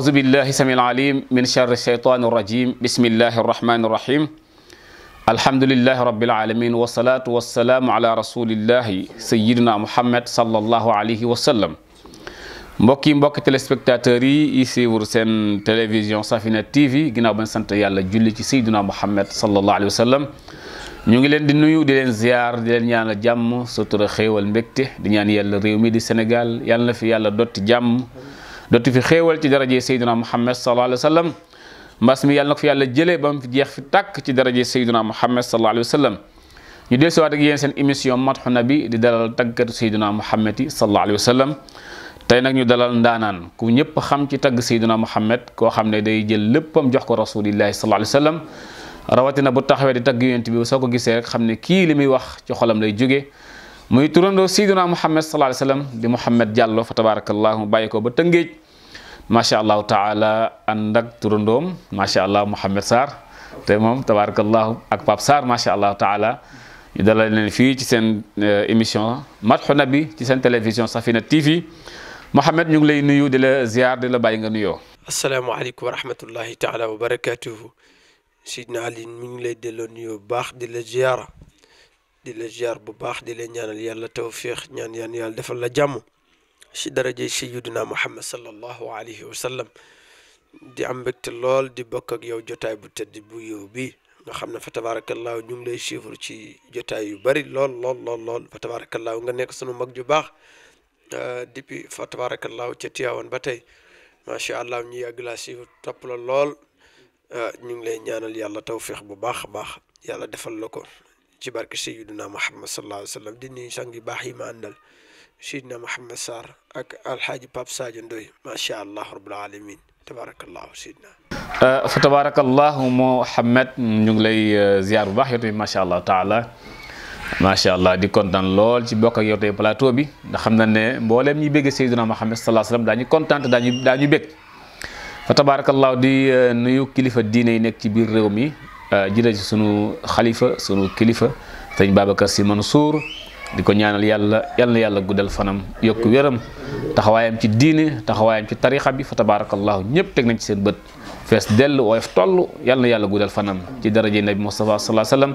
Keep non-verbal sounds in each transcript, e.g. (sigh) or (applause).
أعوذ بالله سميع العليم من شر الشيطان الرجيم بسم الله الرحمن الرحيم الحمد لله رب العالمين والصلاة والسلام على رسول الله سيدنا محمد صلى الله عليه وسلم mbokki mbokki téléspectateurs yi yi suivre seen télévision Safina TV ginnaaw bañ sant yàlla julli ci Seydina Muhammad sallallahu alayhi wa sallam ñu ngi leen di nuyu di leen ziar di leen ñaanal jàmm sutura xéewal mbégte di ñaan yàlla réew mi di Sénégal yàlla na fi yàlla dotti jàmm dootu fi xéewal ci daraje sayduna muhammad sallallahu alayhi wa sallam mbas mi yàlla na ko fi yàlla jëlee ba mu fi jeex fi tàkk ci daraje sayduna muhammad sallallahu alayhi wa sallam ñu del siwaat ak yéen seen émission Madhoun Nabi di dalal tàggatu sayduna muhammad yi sallallahu alayhi wa sallam tey nag ñu dalal ndaanaan ku ñëpp xam ci tagg sayduna muhammad koo xam ne day jël léppam jox ko rasulillahi sallallahu alayhi wa sallam rawatina bu taxawee di tagg yonent bi soo ko gisee rek xam ne kii li muy wax ci xolam lay jóge muy turandoo Seydina Mouhamed sallallahu alayhi wa sallam di Mouhamed Diallo fa tabarakallahu bàyyi ko ba Tëngéej macha allahu taala ànd ak turandoom macha allah Mouhamed Sarr te moom tabarakallahu ak Pape Sarr macha allahu taala ñu dalal leen fii ci seen émission Madhoun Nabi ci seen télévision Safina TV Mouhamed ñu ngi lay nuyu di la ziar di la bàyyi nga nuyoo. asalaamaaleykum wa rahmatullahi taala wa barakaatuhu Seydina Ali mi ngi lay delloo nuyoo bu baax di la ziara. di la ziar bu baax di la ñaanal yàlla tawfiix ñaan yaan yàlla defal la jàmm si daraje sayyiduna muhammad sallallahu alayhi wa sallam di am mbégte lool di bokk ak yow jotaay bu tëdd bu yow bi nga xam ne fa tabaarakallaahu ñu ngi lay chiffre ci jotaay yu bari lool lool lool lool fa tabaarakallaahu nga nekk sunu mag ju baax depuis fa tabaarakallaahu ca Tiwaawan ba tey macha allah ñu yàgg laa suivre topp la lool ñu ngi lay ñaanal yàlla tawfiix bu baax baax yàlla defal la ko ci barke Seydina Muhammad sallallahu alayhi wa sallam di nuyu sang yu baax yi ma àndal Seydina Muhammad Sarr ak alxaaji Pape Sadio Ndoye macha allah rabbil alamin tabarakallahu Seydina. fa tabarakallahu Muhammad ñu ngi lay ziar bu baax yow tamit macha allah taala macha allah di kontaan lool ci bokk ak yow tey plateau bi ndax xam na ne mbooleem ñi bëgg Seydina Muhammad sallallahu alayhi wa sallam daañu kontaan daañu daañu bëgg fa tabarakallahu di nuyu kilifa diine yi nekk ci biir réew mi. jëlee ci sunu xalifa sunu kilifa sëñ Babacar Sy Mansour di ko ñaanal yàlla yal na yàlla guddal fanam yokk wéram taxawaayam ci diine taxawaayam ci tarixa bi fa tabarakallahu ñëpp teg nañ ci seen bët fees dell woyof toll yal na yàlla guddal fanam ci daraje nabi Mustafa sallallahu alayhi wasallam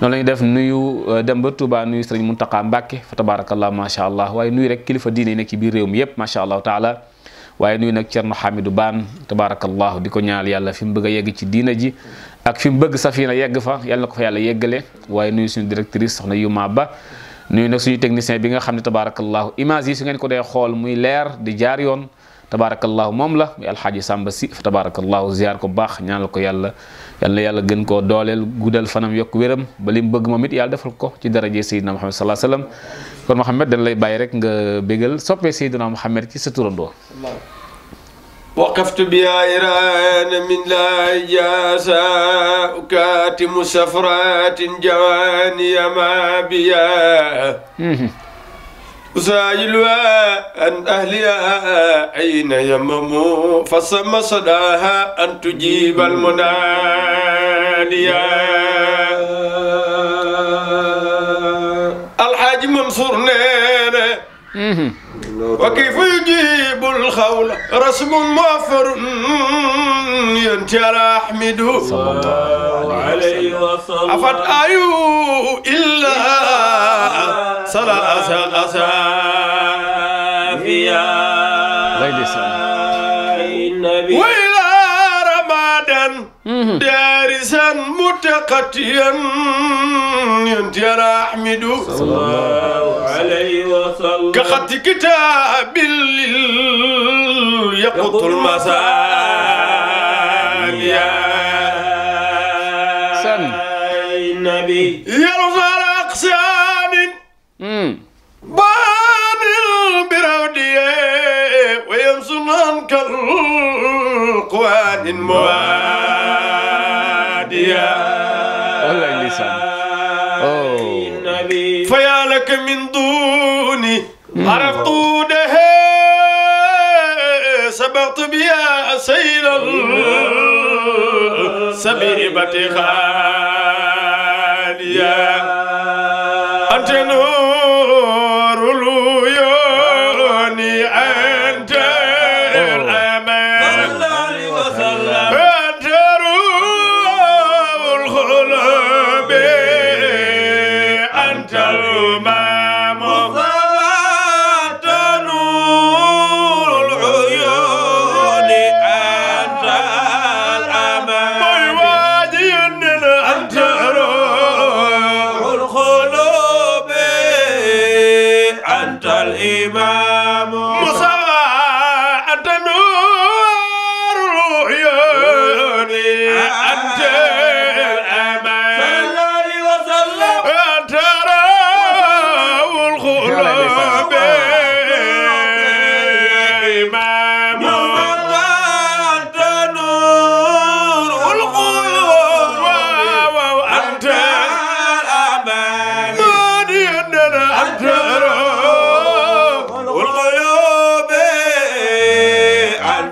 noonu la ñu def nuyu dem ba Touba nuyu sëriñ Muntaqa Mbàkke fa tabarakallahu macha allah waaye nuyu rek kilifa diine yi nekk ci biir réew mi yëpp macha allah taala waaye nuyu nag Cerno Hamidou Baan tabaarakallaahu di ko ñaal yàlla fi mu bëgg a yegg ci diina ji ak fi mu bëgg safina yegg fa yàlla ko fa yàlla yeggale waaye nuyu suñu directrice soxna Yuma Ba nuyu nag suñu technicien bi nga xam ne tabaarakallaahu image yi su ngeen ko dee xool muy leer di jaar yoon tabaarakallaahu moom la muy alxaaji Sàmba si fa tabaarakallaahu ziar ko baax ñaanal ko yàlla yal yàlla gën koo dooleel guddal fanam yokk wéram ba li mu bëgg moom it yàlla defal ko ci daraje Seydina Muhammad sallallahu alayhi wa sallam kon Mouhamed dañ lay bàyyi rek nga bégal soppee Seydina Mouhamed ci sa turandoo وقفت بأيران من لا إجازة أكاتم سفرات جواني ما بيا أسايل أن أهلها أين يمم فسم صداها أن تجيب المناديا الحاج منصور نينا وكيف يجيب الخول رسم موفر ينتر أحمده صلى الله عليه وسلم أفت أيو إلا صلاة صلاة غير وإلى رمضان قتيا يا أحمد صلى الله عليه وسلم كخط كتاب يقط المساء يا سن النبي يا رزال أقسام بان برودي ويمسن عنك القوان موان حبيبتي خاليا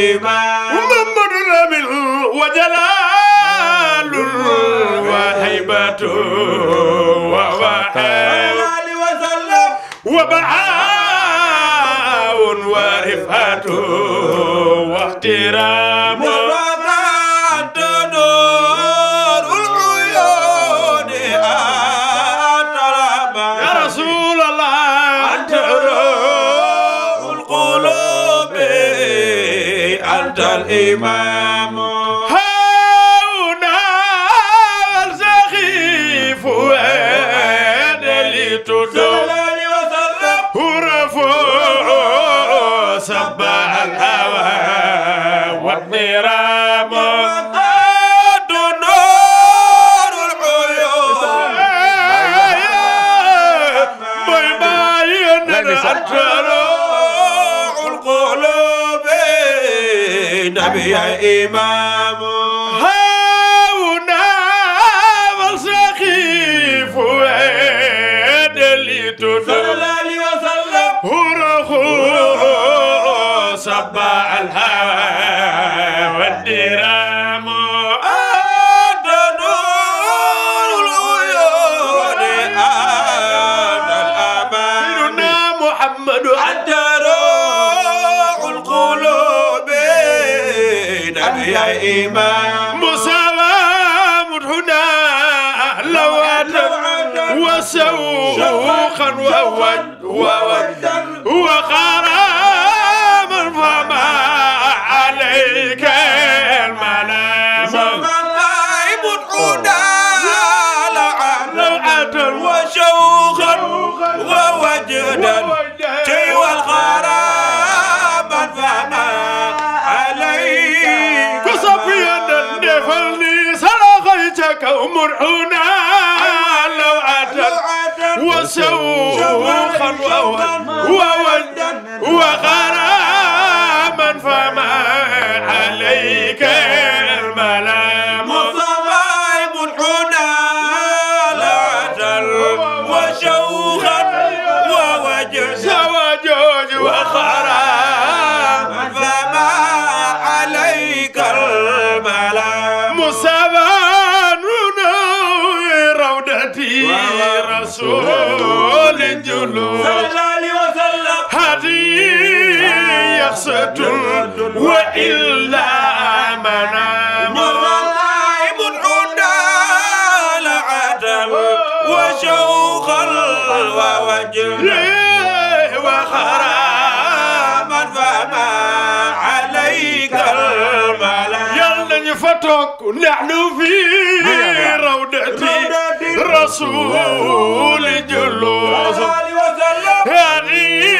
الإمام محمد رمل وجلال وهيبة ووهاب وبعاء ورفعة واحترام أنت الإمام Abi ya Imam يا إمام مساوام الهدى لوانا وسوقا وود وودا عليك المنام مساوام الهدى لوانا وسوقا ووجدا مرعونا أيوة. لو وسو خطوة وودا وغراما فما عليك وإلا منام وخراما فما عليك الملا يلا نفتك نحن في روضتي رسول جلوس وسلم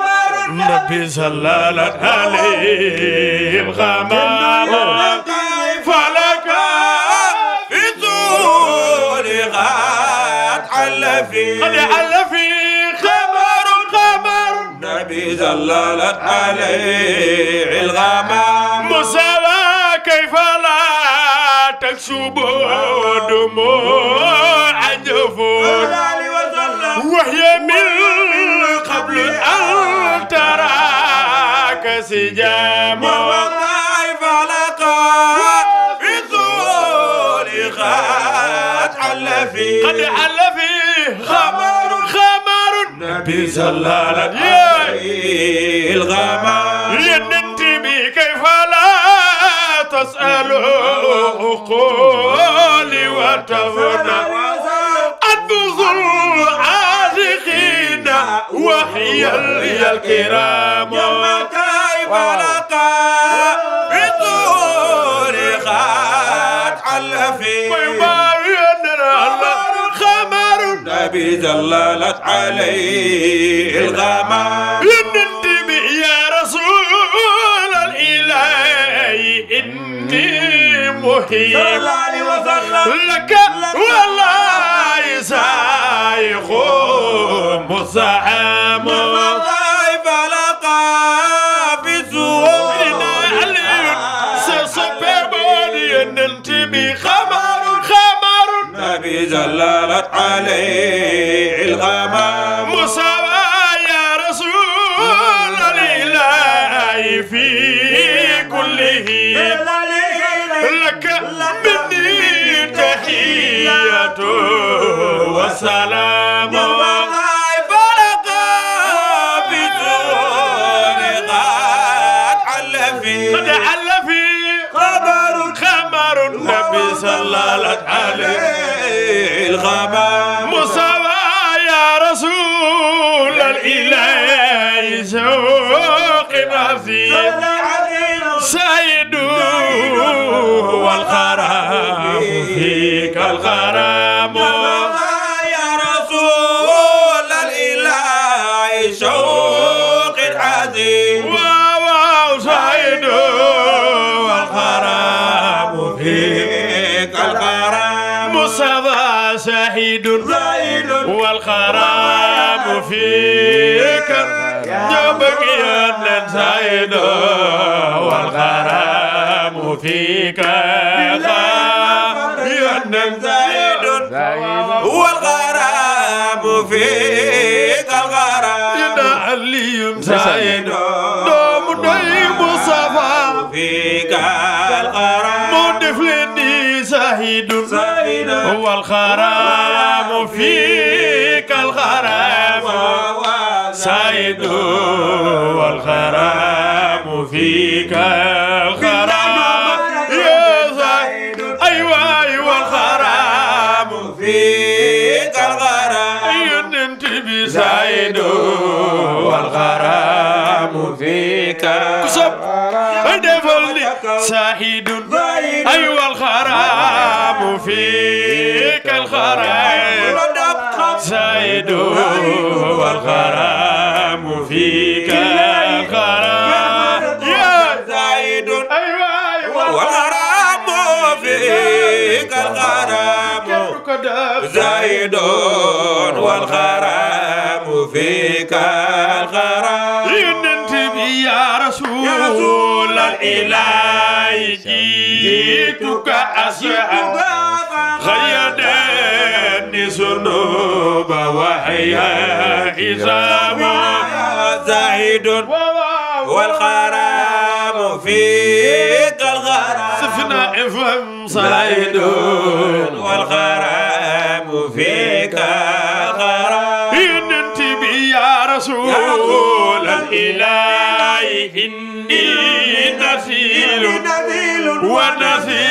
النبي صلى الله عليه بغمامة فلك في طول غاد حل في حل في خمر خمر النبي صلى عليه الغمام مسلم تكسبوا دموع عجفون وهي من سجام والله فلقا في طول قد حل فيه قد حل فيه خمر خمر نبي صلى الله عليه الغمر ينتبه كيف لا تسأل قولي وتفنى وحي الكرام ملقى بالدور خات على فيه ويبين الخمر نبي دللت عليه الغمام انتبه يا رسول الالهي اني محيي صلى الله عليه وسلم لك والله سايخ مصعب زللت عليه الغمام مصطفى يا رسول الله في كله لك مني تحية وسلام قد حل في قمر قمر النبي صلى الله عليه الغمام مصطفى يا رسول الإله يسوق نفسي سيد والغرام فيك الغرام الزيد والغرام فيك غاليا زيد والغرام فيك الغرام عليم زيد دوم دايم مصطفى فيك الغرام مدفلني زهيد هو الغرام فيك الغرام زيد والغرام فيك الغرام يا زيد أيوة أيوة الغرام فيك الغرام انت بزيد والغرام فيك كسب دفل سعيد أيوة الغرام فيك الغرام زيد والغرام فيك الغرام يا زيد أيوة،, أيوة والغرام فيك الغرام زيد والغرام فيك الغرام ينتبه يا رسول الإله جئتك أسعد غير سنوب وحيا إزاما زاهد والغرام فيك الغرام سفنا إفهم زاهد والغرام فيك الغرام إن أنت بي يا رسول الإله إني نذير ونذير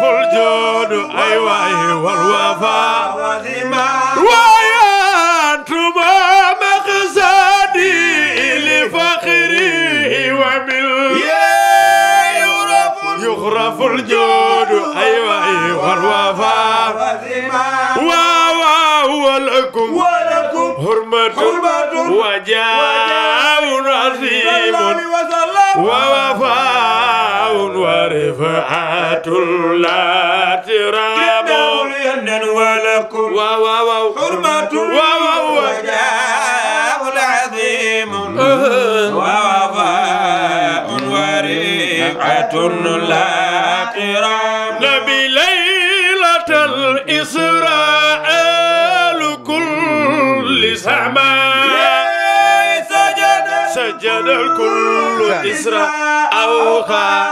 ful jood ay waay wal wafa waayantuma maqsadi li faqri wa bil yuraful jood ay waay wal wafa waaw waaw walakum hurmatu wajaa عظيم ووفاء ورفعة لا تراب ولكم حرمة وجاه عظيم ووفاء ورفعة لا تراب نبي ليلة الإسراء كل سماء سجد الكل إسراء أوخى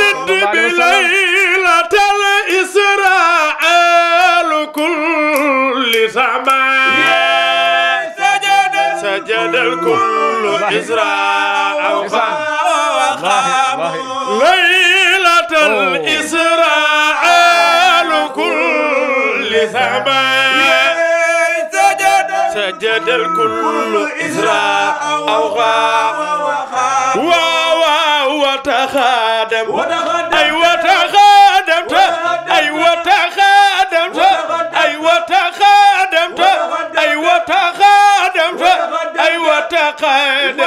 ندب ليلة الإسراء كل سماء سجد الكل إسراء أوخى ليلة الإسراء الكل سماء جدل كل إزراء أو غا واوا وتخادم أي وتخادم أي وتخادم أي وتخادم أي وتخادم أي وتخادم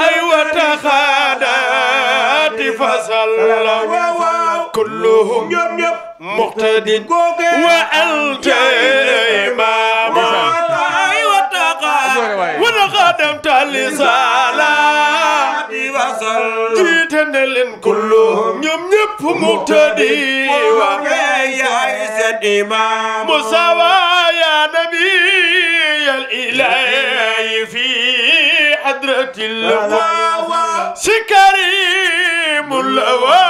أي وتخادم فصلى كلهم مقتدين وألتم ne leen kulluhum ñoom ñëpp muqtadi wa yaay seen imaam musawa ya nabiyal ilaahi fi hadratil wa sikari mulawa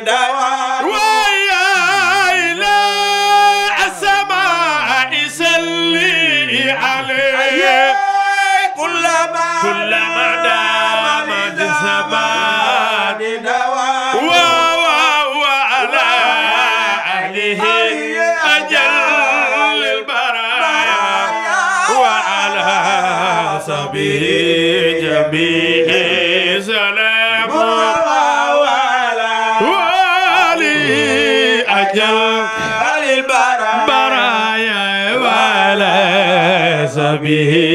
دواء ويا إلى السماء سلي عليه كلما كلما دام السماء دواء وواو على أهله أجل البرايا وعلى سبيل جميل nabihi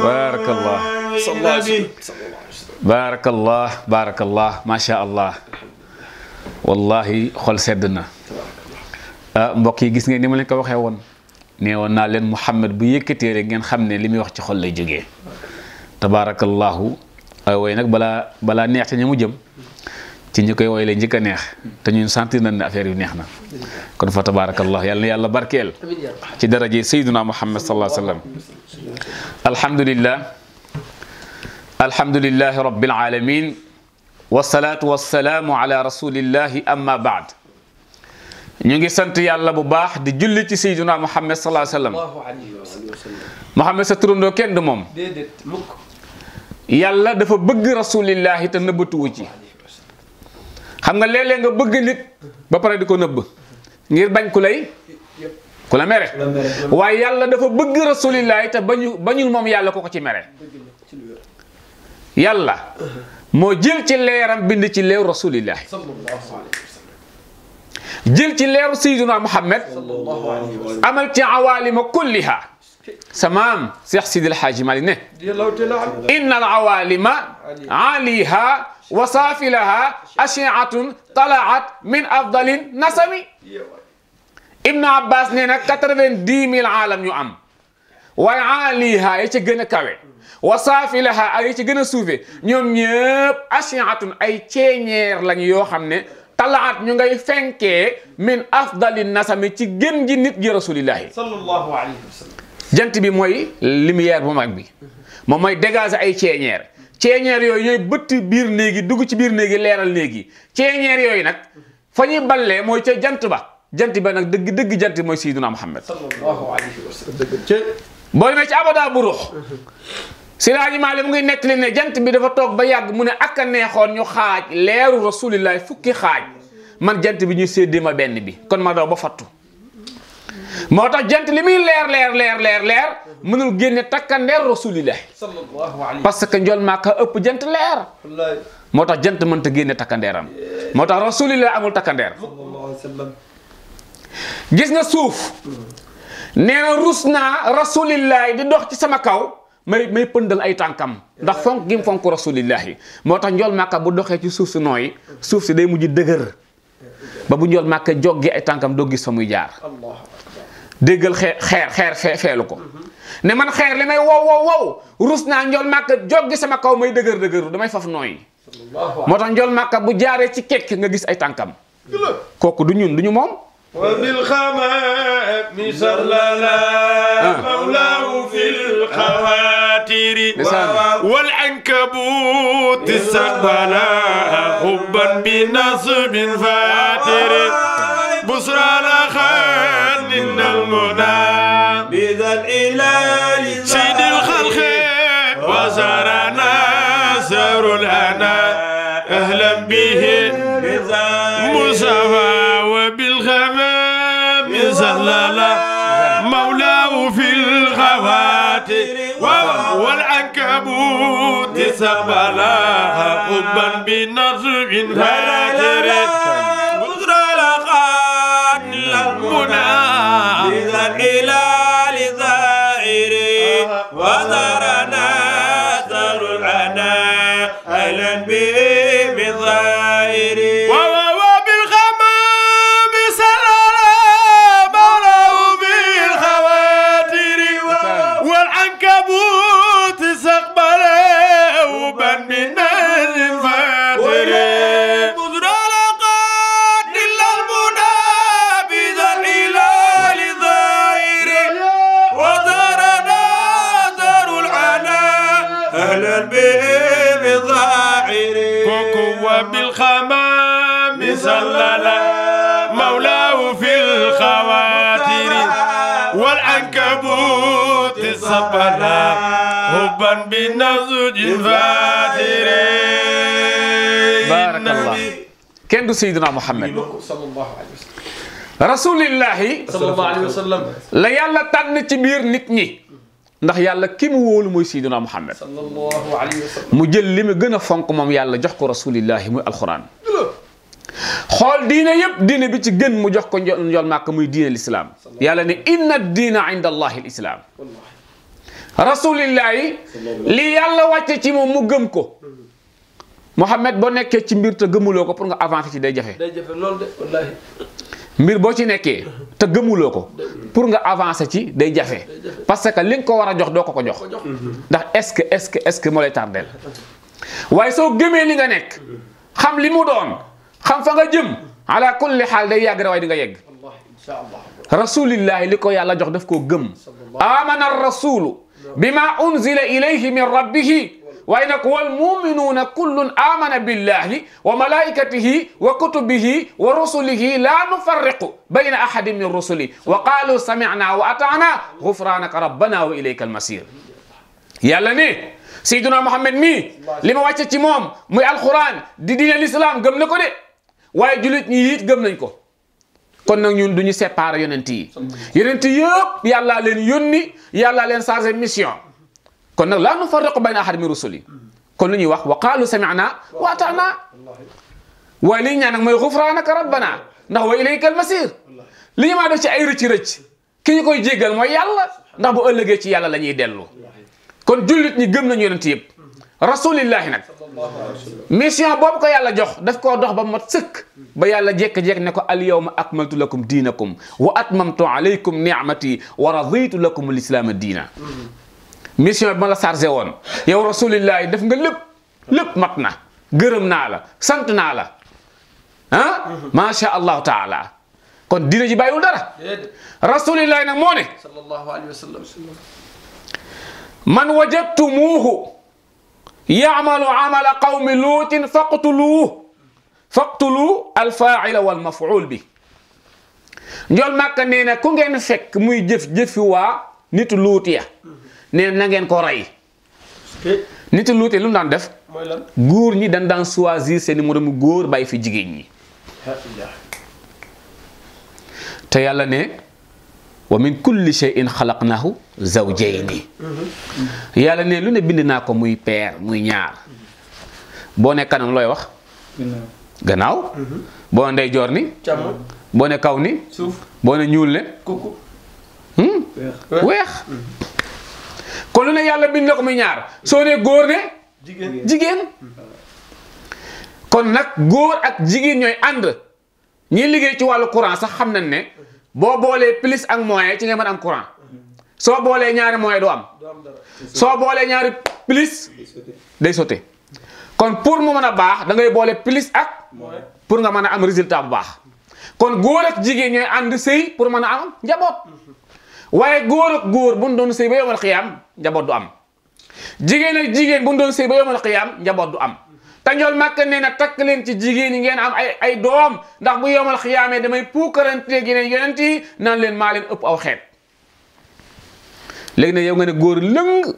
Barakallah Barakallah Barakallah Masya Allah Wallahi khol sedna uh, ah, Mbok yi gis ngeen ni ma len ko waxe won neewon na len Muhammad bu yekete rek ngeen xamne limi wax ci xol lay joge Tabarakallah ay way nak bala bala neex ci ñamu jëm ci ñukay koy woy lay njëkk neex te ñun sentir nañ affaire yu neex na kon fa tabarakallah yàlla yàlla barkel ci daraaje sayyiduna muhammad sallallahu alayhi wasallam alhamdulillah alhamdulillah rabbil alamin wasalaatu wasalaamu ala rasulillah amma ba'd ñu ngi sant yàlla bu baax di julli ci sayyiduna muhammad sallallahu alayhi wasallam muhammad sa turundo kenn du mom dedet moom yàlla dafa bëgg rasulillah te neubatu wu ci xam nga léeg-léeg nga bëgg nit ba pare di ko nëbb ngir bañ ku lay ku la mere waaye yàlla dafa bëgg rasulillahi te bañu bañul moom yàlla ko ko ci mere yàlla moo jël ci leeram bind ci leeru rasulillahi jël ci leer sayyiduna muhammad amal ci awaalima kulliha سمام سيح سيدي الحاج مالي نه إن العوالم عليها وصافي لها أشعة طلعت من أفضل نسمي ابن عباس نينا كتربين من ميل العالم يو أم وعاليها يتي جنة كوي وصافي لها يتي جنة سوفي نيوم نيوب أشعة أي تينير لن يو طلعت نيوم غي فنكي من أفضل نسمي تي جن جنة رسول الله صلى الله عليه وسلم jant bi mooy lumière bu mag bi moom mooy dégager ay ceeñeer ceeñeer yooyu ñooy bëtt biir néegi dugg ci biir néegi leeral néegi ceeñeer yooyu nag fa ñuy ballee mooy ca jant ba jant ba nag dëgg dëgg jant mooy Sayyiduna Muhammad sallallahu alayhi wa sallam ci abadaa bu ruux Siraaji Maalik mu ngi nettali ne jant bi dafa toog ba yàgg mu ne ak a neexoon ñu xaaj leeru rasulillahi fukki xaaj man jant bi ñu séddee ma benn bi kon ma daw ba fattu Mm-hmm. motax jent limi leer leer leer leer leer munul génne takkandeer rasulillah parce que njol maka upp jent leer motax jent mën ta génne takkandeeram motax rasulillah amul takkandeer gis nga souf mm-hmm. nee rusna Rasulillah di dox ci sama kaw may may pendal ay tankam ndax fonk gim fonk Rasulillah. motax tax maka bu doxé ci souf si souf ci day mujj deuguer ba bu njol maka joggé ay tankam do gis famuy jaar déggal xeer xeer xeer feelu ko ne man xeer li may wow wow wow rus naa njool màkk joggi sama kaw may dëgër dëgëru damay faf nooy moo tax njool màkk bu jaaree ci kekk nga gis ay tànkam kooku du ñun du ñu moom وبالخمام سرللا مولاه في الخواتر والعنكبوت استقبلا حبا بنصب فاتر بصرى لخير إن المنى بذا الإله سيد الخلق وزارنا سر الهنا أهلا به مصطفى وبالغمام زلالة مولاه في الخوات والعنكبوت سبلا حبا بنصر غير ربنا حبا بالنزج الفاتر بارك الله كندو سيدنا محمد صلى الله عليه وسلم rasulillahi sallallahu alayhi wa sallam la yàlla tànn ci biir nit ñi ndax yàlla ki mu wóolu mooy sayduna muhammad sallallahu alayhi wa sallam mu jël li mu gën a fonk moom yàlla jox ko rasulillahi muy alquran xool diine yépp diine bi ci gën mu jox ko njol màkk muy diine lislaam yàlla ne inna diina inda allahi lislaam rasulillahi li yàlla wàcce ci moom mu gëm ko Mouhamed boo nekkee ci mbir te gëmuloo ko pour nga avancer ci day jafe. day jafe loolu de wallaahi mbir boo ci nekkee te gëmuloo ko pour nga avancer ci day jafe parce que li nga ko war a jox doo ko ko jox ndax est-ce que est-ce que est-ce que moo lay tardeel waaye soo gëmee li nga nekk xam li mu doon xam fa nga jëm ala kulli xaal day yàgg waaye di nga yegg rasulillahi li ko yàlla jox daf koo gëm amana rasulu بما أنزل إليه من ربه وإنك والمؤمنون كل آمن بالله وملائكته وكتبه ورسله لا نفرق بين أحد من رسله وقالوا سمعنا وأطعنا غفرانك ربنا وإليك المسير يلا ني سيدنا محمد مي لما واتي موم مي القران دي دين الاسلام قم نكو دي واي جوليت نييت قم نكو kon nag ñun du ñu séparé yonent yi yonent yëpp yàllaa leen yónni yàllaa leen chargé mission kon nag laa nufarriqu bayna ahadin min rusuli kon lu ñuy wax wa qaalu sami'na wa ata'na waaye li ñu ñaan nag mooy ka rabbana ndax wa ilayka almasir li ñu maa def ci ay rëcc-rëcc ki ñu koy jéggal mooy yàlla ndax bu ëllëgee ci yàlla la ñuy dellu kon jullit ñi gëm nañu yonent yëpp rasulillahi nag mission boobu ko yàlla jox daf koo dox ba mat sëkk ba yàlla jekk-jekk ne ko al yawma akmaltu lakum diinakum wa atmamtu alaykum ni'mati wa raditu lakum lislaama diina mission bi ma la chargé woon yow rasulillahi def nga lépp lépp mat na gërëm naa la sant naa la ah macha allahu taala kon diina ji bàyyiwul dara rasulillahi nag moo ne man wajadtumuuhu yaamalu amala qawmi luutin faqtuluuh faqtulu alfaila wal mafuul bi njol màkka nee na ku ngeen fekk muy jëf-jëfi waa nitu luuti ya nee na ngeen ko rey nit luuti lu daan def góor ñi dañ daan soisir seeni moroomu góor bàyyi fi jigéen ñi te yàlla ne wa min kulli shay'in xalaqnahu zawjayni yàlla ne lu ne bind naa ko muy peer muy ñaar boo ne kanam looy wax gannaaw boo ne ndeyjoor ni boo ne kaw ni boo ne ñuul ne hmm? weex kon lu ne yàlla bind na ko muy ñaar soo ne góor ne jigéen kon nag góor ak jigéen ñooy ànd ñi liggéey ci wàllu courant sax xam nañ ne Bo bolé plus ak moyen ci nga man am courant so bolé ñaari moyen do am so bolé ñaari plus day sauté kon pour mu mën bax da ngay bolé plus ak pour nga mën am résultat bu bax kon goor ak jigéen ñoy and sey pour mën am njaboot waye goor ak goor bu ñu doon sëy ba yowal qiyam njaboot du am jigéen ak jigéen bu doon ba yowal qiyam du am ta ñol màkk nee na takk leen ci jigeen ngeen am ay ay doom ndax bu yomal khiyamé damay poukarante gi ne yonenti nan leen ma leen upp aw xet legne yow nga ne goor leung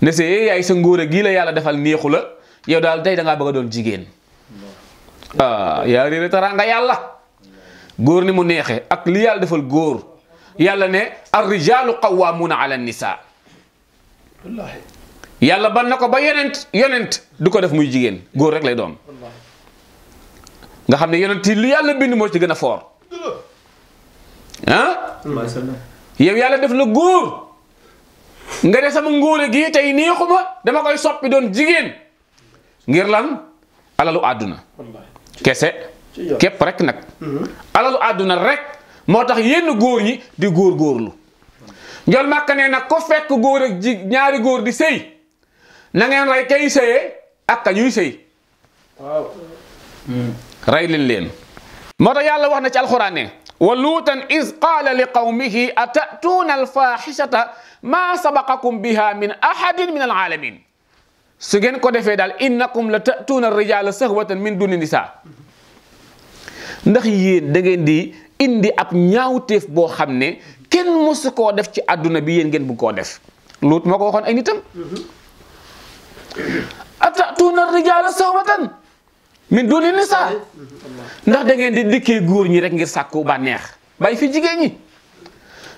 ne sey yaay sa ngóor gi la yalla defal neexu la yow dal tay da nga bëgg doon jigeen ah yaa réere nga yalla goor ni mu neexé ak li yalla defal goor yalla ne ar rijalu qawwamuna ala nisaa yàlla ban na ko ba yonent yonent du ko def muy jigéen góor rek lay doon nga xam ne yonent yi lu yàlla bind moo ci gën a foor ah yàlla def la góor nga ne sama ngóore gii tey neexuma dama koy soppi doon jigéen ngir lan alalu àdduna kese képp rek nag alalu àdduna rek moo tax yenn góor ñi di góor góorlu njol màkk nee nag ko fekk góor ñaari góor di sëy na ngeen rey kay sëyee ak ka ñuy sëy hmm. rey leen leen moo tax yàlla wax na ci alxuraan ne wa luutan is qaala li qawmihi atatuuna alfaxishata maa sabaqakum biha min ahadin min alaalamin su ngeen ko defee daal innakum la tatuuna rijaala sahwatan min duni nisa ndax yéen dangeen di indi ab ñaawteef boo xam ne kenn mosu koo def ci àdduna bi yéen ngeen bëgg koo def luut moo ko waxoon ay nitam mm-hmm. atatuuna rijaala sawbatan min duni nisa ndax da ngeen di dikkee góor ñi rek ngir sàkku bànneex bàyyi fi jigéen ñi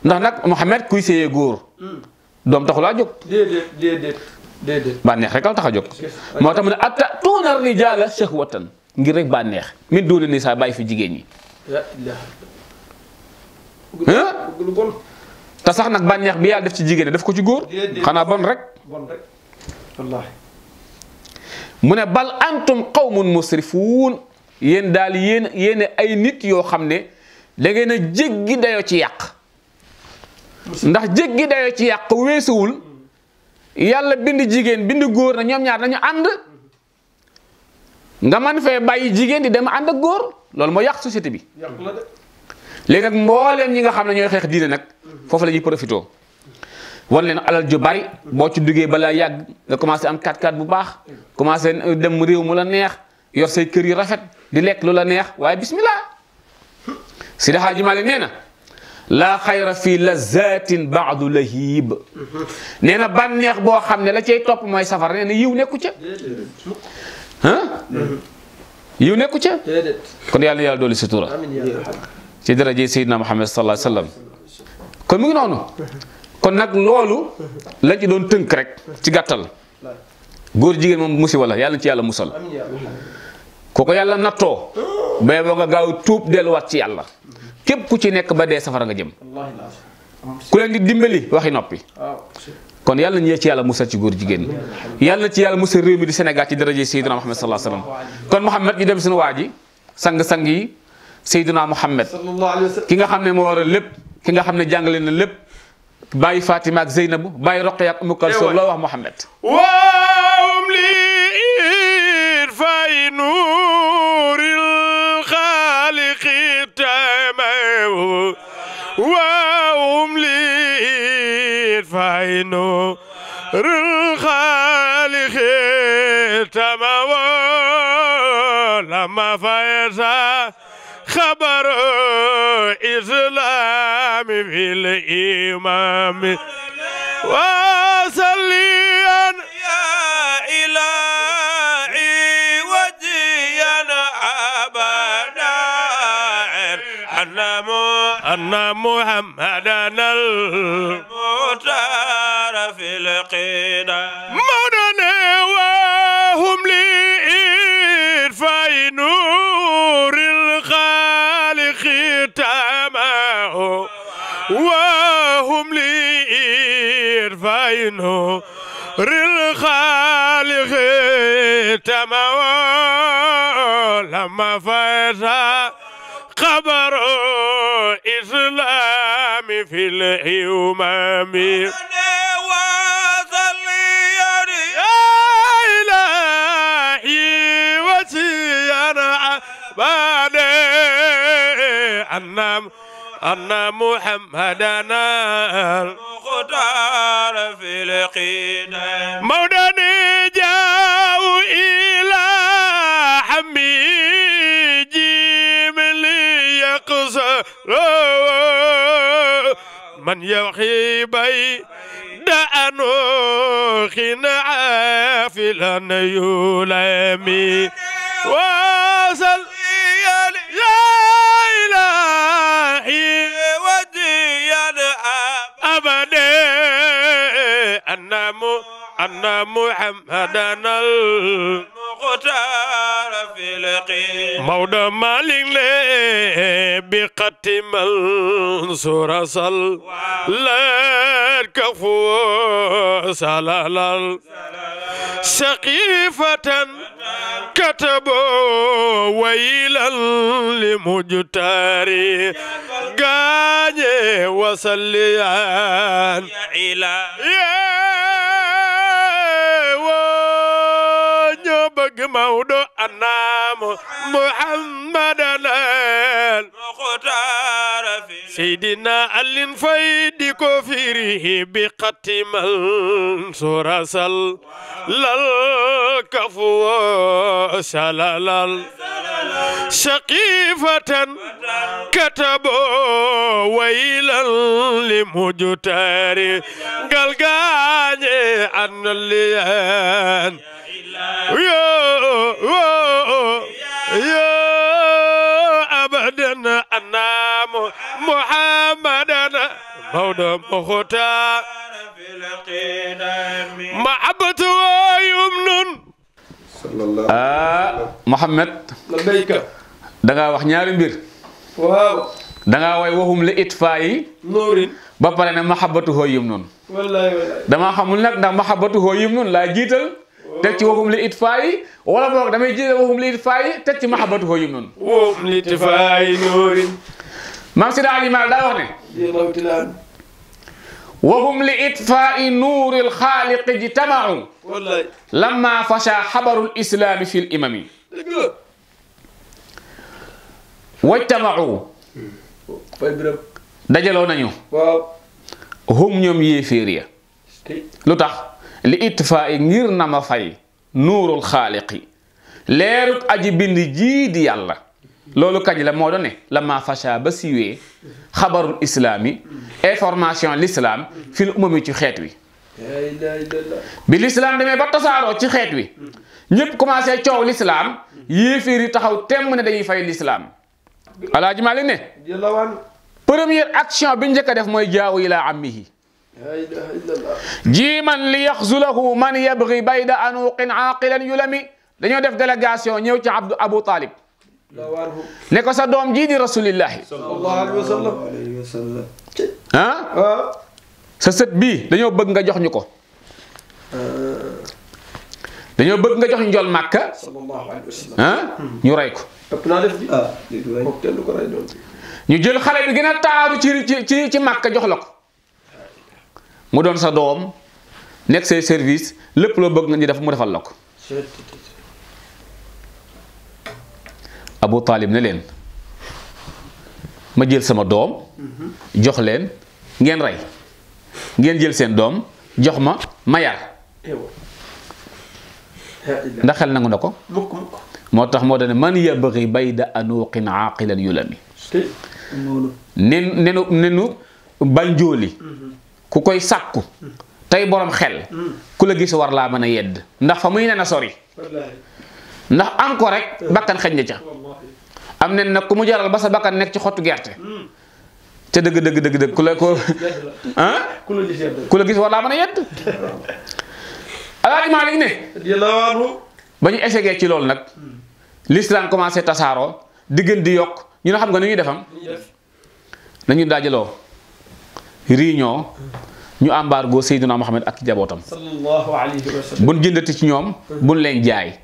ndax nag Mouhamed kuy séyee góor hmm. doom taxu laa jóg déedéet bànneex rek la tax a jóg moo tax mu ne atatuuna rijaala shahwatan ngir rek bànneex min duni nisa bàyyi fi jigéen ñi te sax nag bànneex bi yàlla def ci jigéen def ko ci góor xanaa bon rek bon mu ne bal antum qawmun musrifuun yéen daal yéen yéen ay nit yoo xam ne da ngeen a jéggi dayoo ci yàq ndax jéggi dayoo ci yàq weesuwul yàlla bind jigéen bind góor na ñoom ñaar nañu ànd nga man fee bàyyi jigéen di dem ànd ak góor loolu moo yàq société bi léegi nag mbooleem ñi nga xam ne ñooy xeex diine nag foofu la ñu profité wan leen alal ju bari boo ci duggee balaa yàgg nga commencé am 4 bu baax commencé dem réew mu la neex yor say kër yu rafet di lekk lu la neex waaye bismillah si daxaa ji male nee na laa xayra fii lazatin baadu lahib nee na bànneex boo xam ne la cay topp mooy safar nee na yiw nekku ca ah yiw nekku ca kon yàlla yàlla doolu sutura ci daraje Seydina Muhammad sallallahu alayhi wa sallam kon mu ngi noonu kon nak lolu lañ ci doon teunk rek ci gattal goor jigen mom musi wala yalla ci yalla musal ko yalla natto be bay ba nga gaaw del wat ci yalla kep ku ci nek ba de safara nga jëm ku len di dimbali waxi nopi kon yalla ñe ci yalla musal ci goor jigen yalla ci yalla musal rew mi di senegal ci daraaje Muhammad sallallahu Alaihi wasallam kon Muhammad ñu dem sunu waji sang-sang yi Seydina Muhammad ki nga xamne ne moo lepp ki nga xamne ne na lepp باي فاطمه اك زينب باي رقيه ام كلثوم إيه لا محمد واوم لي في نور الخالق تمام واوم لي في نور الخالق تمام لما فايزا خبر إسلام في الإمام وصليا يا إلهي وجيا أبدا أن محمدنا نور الخالق تمو لما فاز قبر إسلام في الأمم أنام أن نال المختار في القيدة مولاني جاءوا إلى حمي جيم ليقصر من يوحي بي دعنو خنع في الأنيولمي أن محمد المختار في القيم مولى مالك بقتم الانصر صل لا كفو سلال سقيفة كتبوا ويلا لمجتاري غاني وصليان يا إله موضو أنام محمدنا المختار سيدنا الانفيد كفره بقتم سرسل للكفو سلال سقيفة كتبوا ويلا لمجتار قلقاني عن الليان أبدا أنام محمدا مولى مختار محبة ويمن صلى الله عليه وسلم محمد لبيك دغا واخ ñaari mbir waaw da nga way waxum li itfa nurin ba pare mahabbatu wallahi wallahi dama xamul nak ndax mahabbatu la jital تتي وهم لإطفائي ولا بوك دامي جيل وهم لإطفائي تتي محبته هو يمنون وهم لإطفائي نورين مام سيدا علي مال دا وخني وهم لإطفاء نور الخالق اجتمعوا لما فشى حبر الإسلام في الإمام واجتمعوا دجلونا نيو هم نيوم يفيريا لطخ li itfaay ngir na ma fay nuurul xaaliqi leeruk aji bind jii di yàlla loolu kañ la moo doon ne la ma fasha ba siiwee xabarul islaami information l'islam fi l ci xeet wi bi l'islam demee ba tasaaroo ci xeet wi ñëpp commencé coow l'islam yéeféer yi taxaw temm ne dañuy fay lislaam alaaji Maalik ne première action bi njëkk a def mooy jaawu ila ammihi jiiman li yaxzulahu man yabgi bayda anuqin aaqilan yulami dañoo def délégation ñëw ci abdu abu talib ne ko sa doom jii di rasulillahi ah sa sët bii dañoo bëgg nga jox ñu ko dañoo bëgg nga jox ñu jol màkka ah ñu rey ko ah, ñu jël xale bi gën a taaru ci ci ci màkka jox la ko mu doon sa doom nekk say service lépp loo bëgg nga ñu def mu defal na ko Abu Taalib ne leen ma jël sama doom jox leen ngeen rey ngeen jël seen doom jox ma ma yar ndax xel nangu na ko moo tax moo ne man yabri bayda anuuqin aaqilan yulami nenu nenu nenu banjooli mhm. ku koy sakku tay borom xel ku la gis war la meuna yedd ndax famuy neena sori ndax am ko rek bakkan xëj na ca am nen ku mu jaral ba sa bakkan nek ci xottu gerte ca deug deug deug deug ku la ko han (laughs) ah? ku la gis war la meuna yedd alaaji malik ne ci nak l'islam commencé digënd di yok ñu xam nga ñuy defam nañu dajalo réunion ñu embargo Seydina Mohamed ak jabootam sallallahu alayhi wa jëndati ci ñoom buñ leen jaay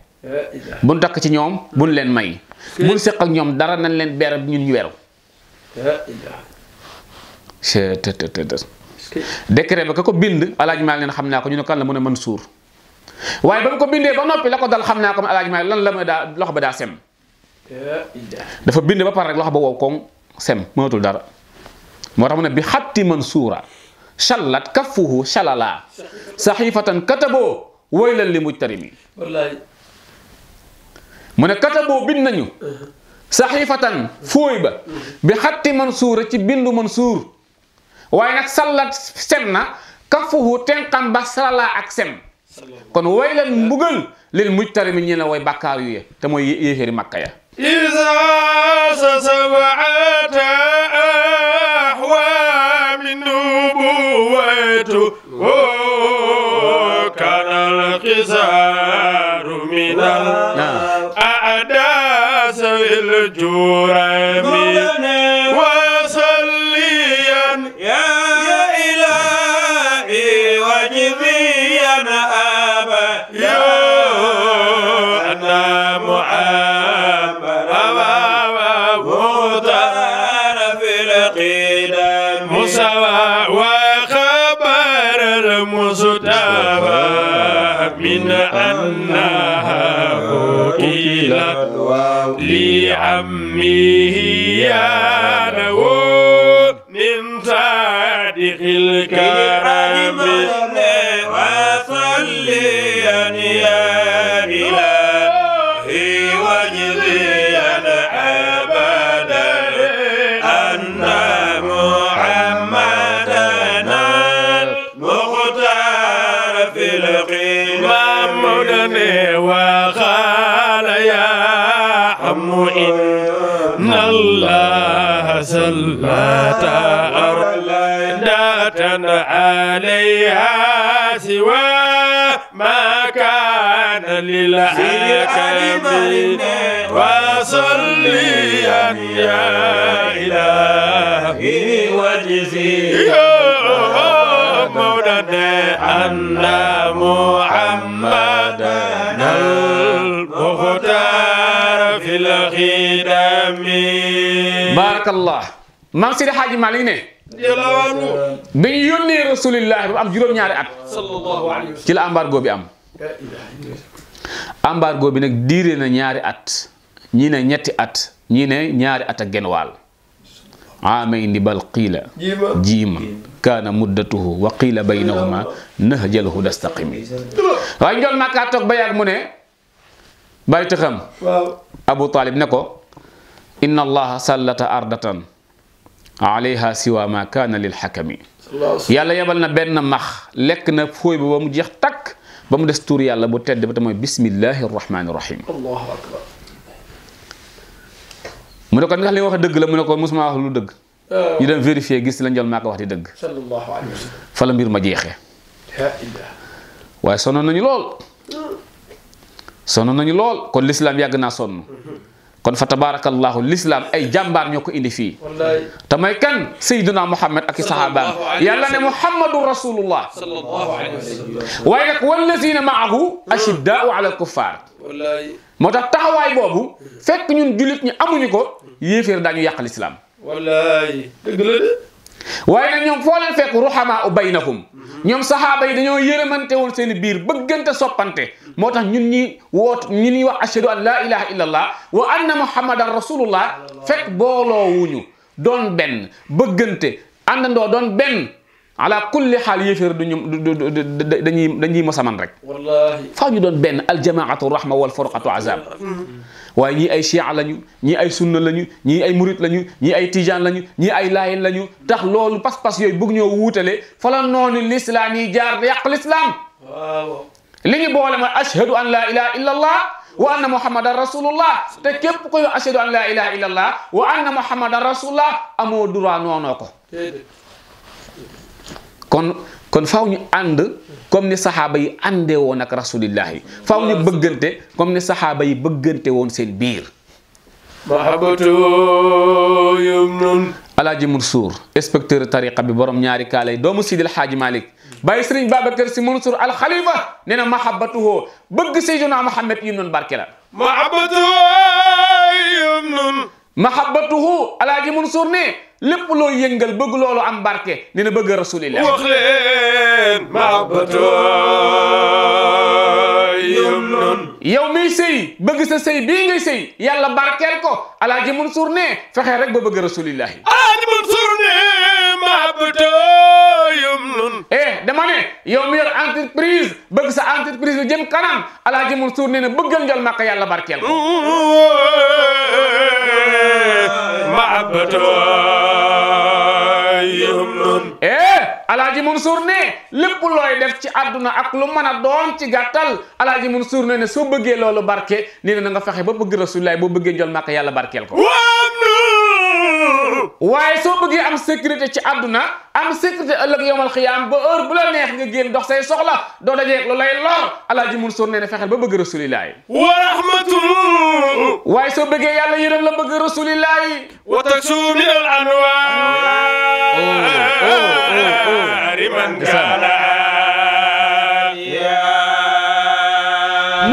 buñ takk ci ñoom buñ leen may buñ seq ak ñoom dara nañ leen beer ñun ñu weru décret ba ka ko bind alaaj maa leen xam naa ko ñu ne kan la mën a mën suur waaye ba mu ko bindee ba noppi la ko dal xam naa ko alaaj maa lan la ma daa loxo ba daa sem dafa bind ba pare rek loxo ba wow koŋ sem mënatul dara moo tax mu ne bi xatti mansuura shallat kaffuhu shalala saxifatan kataboo waylan li mujtarimi mu ne kataboo bind nañu saxifatan fooy ba bi xatti mansuura ci bindu mansuur waaye nag sallat sem na kaffuhu tenqam ba shalala ak sem kon waylan mbugal lil mujtarimi ñi ne way bàkkaar yu te mooy yéeféeri makka ya الجرم وسليا يا إلهي وجزيا أبا يا محمد أبا مختار في القدم مسوى وخبر المصطفى من أنها لعمه يا نور من صادق الكرم وصليا يا أرسلت جن عليها سوى ما كان للحاكم وصليا يا إلهي وجزي مولانا أن محمدا المختار في الخدم baarakallah maam Sidi Xaaji ne dañu yónnee rasulillahi am juróom-ñaari at ci la embargo bi am embargo bi nag diire na ñaari at ñi ne ñetti at ñi ne ñaari at ak genn waal bal qiila jiiman kaana muddatuhu wa qiila baynahuma nahjalahu dastaqimi waaye njool Makka toog ba yàgg mu ne bàyyi taxam Abu Talib ne إن الله سلت أرضا عليها سوى ما كان للحكم يلا يبلنا بيننا مخ لكنا فوي بومجيخ تك بام دستور يلا بو تيد بسم الله الرحمن الرحيم الله اكبر مونيكو نخ لي واخ دغ لا مونيكو موسما واخ لو دغ ني دم فيريفي غيس لا نجال ماك واخ دي دغ صلى الله عليه وسلم فلا مير ما جيخه واي سونو ناني لول سونو ناني لول كون الاسلام ياغنا سونو kon fa tabaarakallaahu lislaam ay jàmbaar ño ko indi fii te mooy kan sayyiduna muhammad ak i sahabaam yàlla ne muhammadu rasulullah waaye nag wallazina maahu ashiddaau ala kuffaar moo tax taxawaay boobu fekk ñun jullit ñi amuñu ko yéeféer daañu yàq lislaam wallaay dëgg la de waaye nag ñoom foo leen fekk ruhamaa u baynakum ñoom saxaaba yi dañoo yërëmante woon seeni biir bëggante soppante moo tax ñun ñi woot ñu ñuy wax ashhadu an laa ilaha illa allah wa anna muhammadan rasulullah fekk booloowuñu doon benn bëggante àndandoo doon benn ala kulli xaal yéeféer du ñu dañuy dañuy mosaman rek faaw ñu doon benn aljamaatu rahma wal furqatu azab waaye ñii ay chia lañu ñii ay sunna lañu ñii ay murit lañu ñii ay tijaan lañu ñii ay laayin lañu tax loolu pas-pas yooyu bëgg ñoo wuutale fa la noonu lislaam yi jaar yàq lislaam li boole mooy ashhadu an la ilaha illa allah wa anna muhammadan rasulullah te képp koy ashhadu an la ilaha illa allah wa anna muhammadan rasulullah amoo droit noonoo ko kon faaw ñu ànd comme ni sahaba yi andé won ak rasulillah faaw ñu bëggante comme ni sahaba yi bëggante won seen biir mahabatu yumnun alaaji Mansour inspecteur tariqa bi borom ñaari kaalay doomu sidil xaaji malik bàyyi serigne babakar si Mansour al khalifa neena na mahabatuhoo bëgg sayyiduna Muhammad yumnun barkela la mahabatu yumnun mahabbatuhu alaaji Mansour ne lépp loo yëngal bëgg loolu am barke ne na bëgg rasulillah wax leen mahabbatu yum noon yow miy sëy bëgg sa sëy bii ngay sëy yàlla barkeel ko alaaji Mansour ne fexe rek ba bëgg rasulillah alaaji Mansour ne eh dama ne yow mi yor entreprise bëgg sa entreprise bi jëm kanam Alaaji Mansuur nee na bëggal njol màkk yàlla barkeel ko eh Alaaji Mansuur ne lépp looy def ci àdduna ak lu mën a doon ci gàttal Alaaji Mansuur nee ne soo bëggee loolu barke nee na nga fexe ba bëgg Rasulullaay boo bëggee njol màkk yàlla barkeel ko waaye soo bëggee am sécurité ci àdduna am sécurité ëllëg yowmal xiyaam ba bu la neex nga génn dox say soxla doo dajeeg lu lay lor alaaji Mansour nee na fexeel ba bëgg rasulillahi wa rahmatu waaye soo bëggee yàlla yërëm la bëgg rasulillahi wa tasuu min al anwaari man kaana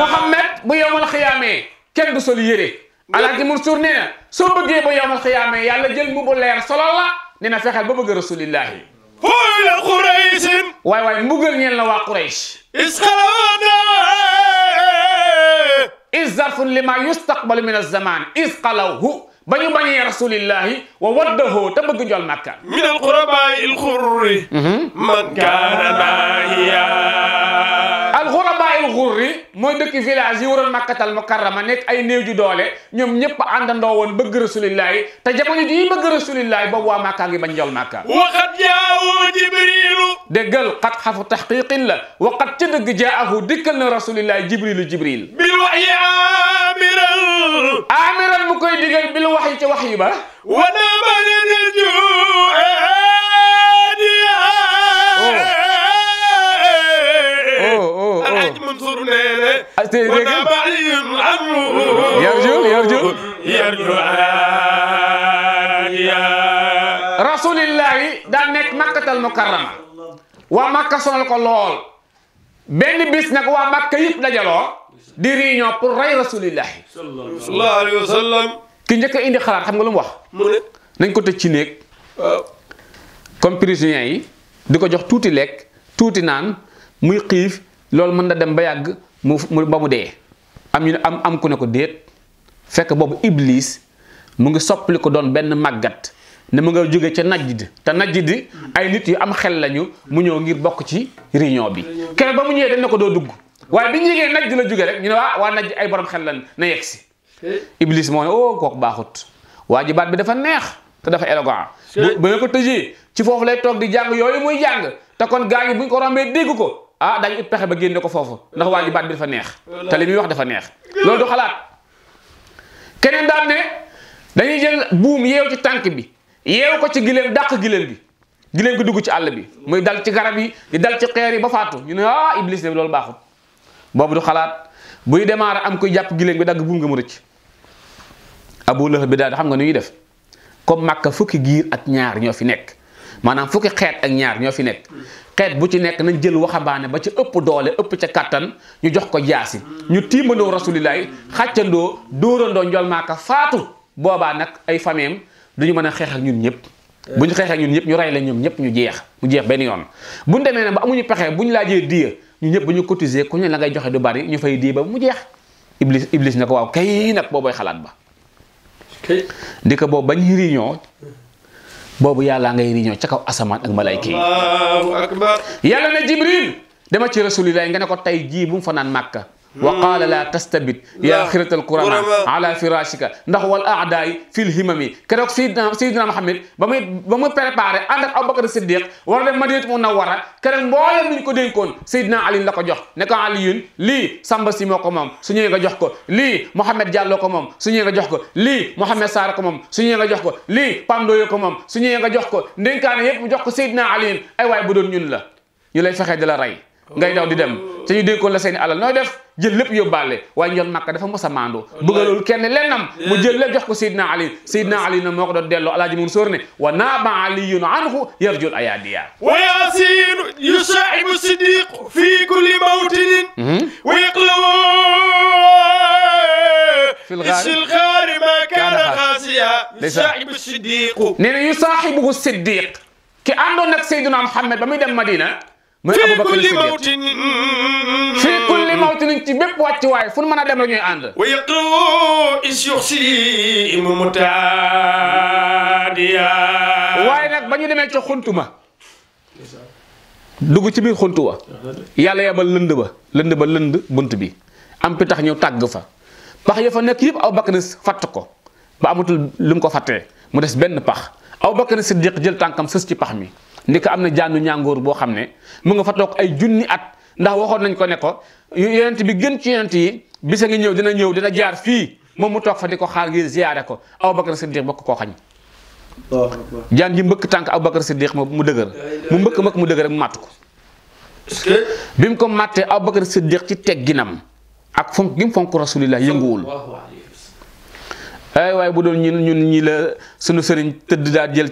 Muhammad bu yowmal xiyaamee kenn du sol yére alaaji Mansour nee so beugé ba yowmal xiyaama yàlla jël mbubu leer solo la nee fexel ba bëgg rasulillah xuy la quraysin way waay mbugal ñeen la wa quraish isqalana is lima li yustaqbalu min alzamaan is qalawhu ba ñu rasulillah wa waddahu ta beug jol makka min alqurabaai alxurri man kaana maahiya ahlul xurri mooy dëkk village yi waroon màkkatal mukarrama nekk ay néew ju doole ñoom ñëpp àndandoo woon bëgg rasulillahi te jamono jii bëgg rasulillahi boobu waa màkkaa ngi bañ njool màkka waqat jaawu jibrilu déggal xat xafu taxqiqin jibril bil waxyi amiral amiral mu koy digal bil waxyi العجم dan نيلة ونبعين عمرو يرجو يرجو يرجو يا رسول الله دا نيك مكة المكرمة ومكة صنع القلول بين بيس نك وا مكة ييب داجالو di réunion pour ray rasulillah sallallahu alaihi lol mën na dem ba yag mu ba mu dee am am am ku ne ko déet fekk bobu iblis mu ngi soppli ko don ben magat ne mu nga jóge ci najjid ta najjid ay nit yu am xel lañu mu ñoo ngir bok ci réunion bi kene ba mu ñëwee dañ na ko doo dugg waye biñu ñëgé najj la rek ñu ne wa ay borom xel lañ na yegg iblis mo oh kok ko baxut waji baat bi dafa neex te dafa élégant ba nga ko tëjee ci fofu lay tok di jang yoyu muy jang ta kon buñ ko rombé dégg ko ah dañu ut pexe ba génné ko fofu ndax waji ji baat bi dafa neex té limi wax dafa neex lolou du xalaat keneen daal ne dañuy jël boom yew ci tank bi yew ko ci gilem dak gilem bi gilem ko dugg ci àll bi muy dal ci garab yi di dal ci xéer yi ba faatu ñu né ah iblis né lolou baxul bobu du xalaat buy démarré am koy japp gilem bi dag buum nga mu recc abu lahab bi daal xam nga nu ñuy def comme makka fukki giir ak ñaar ño fi nekk manam fukki ak ñaar ño fi nekk xeet bu ci nekk nañ jël waxambaane ba ci ëpp doole ëpp ca kattan ñu jox ko jaasi ñu tiimandoo rasulillahi xàccandoo dóorandoo njol maaka faatu boobaa nag ay fameem ñu mën a xeex ñun ñëpp eh. bu ñu xeex ñun ñëpp ñu rey la ñoom ñëpp ñu jeex mu jeex benn yoon bu demee ne ba amuñu pexe bu ñu laajee diya ñu ñëpp bu ñu cotiser ku ne la ngay joxe du bari ñu fay diya ba mu jeex iblis iblis na ko waaw kay nag boobooy xalaat ba di ko boobu bañ réunion eh. boobu yàllaa ngay riñoo ca kaw asamaan ak malayka yi yàlla ne jibril dama ci rasulillahi nga ne ko tey jii bu mu fa naan màkka وقال لا تستبد يا آخرة القرآن على فراشك نحو الأعداء في الهمم كذلك سيدنا, سيدنا محمد بمي بمي عندك أبو بكر الصديق ورد مدينة منورة كذلك مولا من كدين كون سيدنا علي لك جوخ نكا علي لي سامبا سيمو كمام سنين جوخ لي محمد جالو كمام سنين جوخ لي محمد سارة كمام سنين جوخ لي باندو كمام سنين جوخ نين كان يب جوخ سيدنا علي أيوة بدون يلا يلا فخي دلا رأي ngay daw di dem ci ñu dénkoon la seen alal noy def jël lépp yobale way ñol Makka dafa mossa mando maandu bëggalul kenn lennam mu jël lépp jox ko Seydina Ali Seydina Ali na moko do doon delloo alaaji mun sóor ne wa naaba aliyun anhu yarjul ayadiya wa yasin yusaahibu siddiq fi kulli mawtin wa yaqlu في الغار ma kaana xaasiya yusaahibu siddiq nee na yusaahibuhu siddiq ki àndoon nag Seydina Muhammad ba muy dem Madina mooy Aboubacar Siddiq fii kulli mm-hmm. mawtin. ci bépp wàccuwaay fu nu mën a dem rek ñooy ànd. wa yaqoo is yuxsi waaye nag ba ñu demee ca ma dugg ci biir xuntu wa. yàlla yabal lënd ba lënd ba lënd bunt bi. am pitax ñëw tàgg fa. pax ya fa nekk yëpp Aboubacar fatt ko ba amatul lu mu ko fattee mu des benn pax aw Aboubacar Siddiq jël tànkam sës ci pax mi. ni ko am na jaanu ñàngoor boo xam ne mu nga fa toog ay junni at ndax waxoon nañ ko ne ko yonent bi gën ci yonent yi bisa ngi ñëw dina ñëw dina jaar fii moom mu toog fa di ko xaar ngir ziyaare ko Abubakar Siddiq bokk koo xañ jaan ji mbëkk tànk Abubakar Siddiq ma mu dëgër mu mbëkk mbëkk mu dëgër rek mu màtt ko bi mu ko màttee Abubakar Siddiq ci tegginam ak fonk gi mu fonk rasulillah yënguwul ay waaye bu doon ñun ñun ñi la sunu sëriñ tëdd daal jël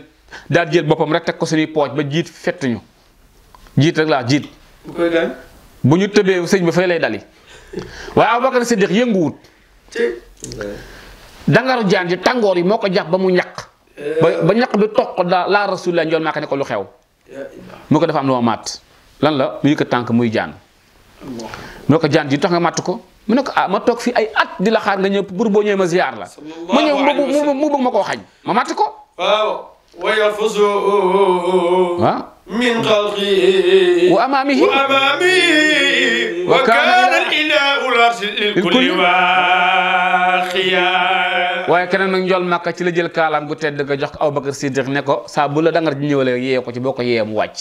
dal jël bopam rek tek ko seni pooj ba jitt fett ñu jiit rek la jitt bu koy daan ñu bi fay lay dali waaye Abubakar Siddiq yënguwut. dangaru jaan ji tangor yi moko jax ba mu ñak ba ñak bi tok ko daa laa rasulullah njool ne ko lu xew. mu ko dafa am lo mat lan la muy ke tank muy jaan. mu ko jaan ji tax nga mat ko. mu ne ko ah ma tok fi ay at di la xaar nga ñepp bur bo ñëwee ma ziar la. mu ñëw mu bëgg ma koo xañ ma mat ko. waaw. ويفز من خلقه وأمامه وأمامه وكان الإله العرش للكل واخيا waaye keneen nag njool màkka ci la jël kaalaam gu tedd nga jox ko Abubakar Siddiq ne ko saa bu la dangar di ñëwale yee ko ci boo ko yee mu wàcc.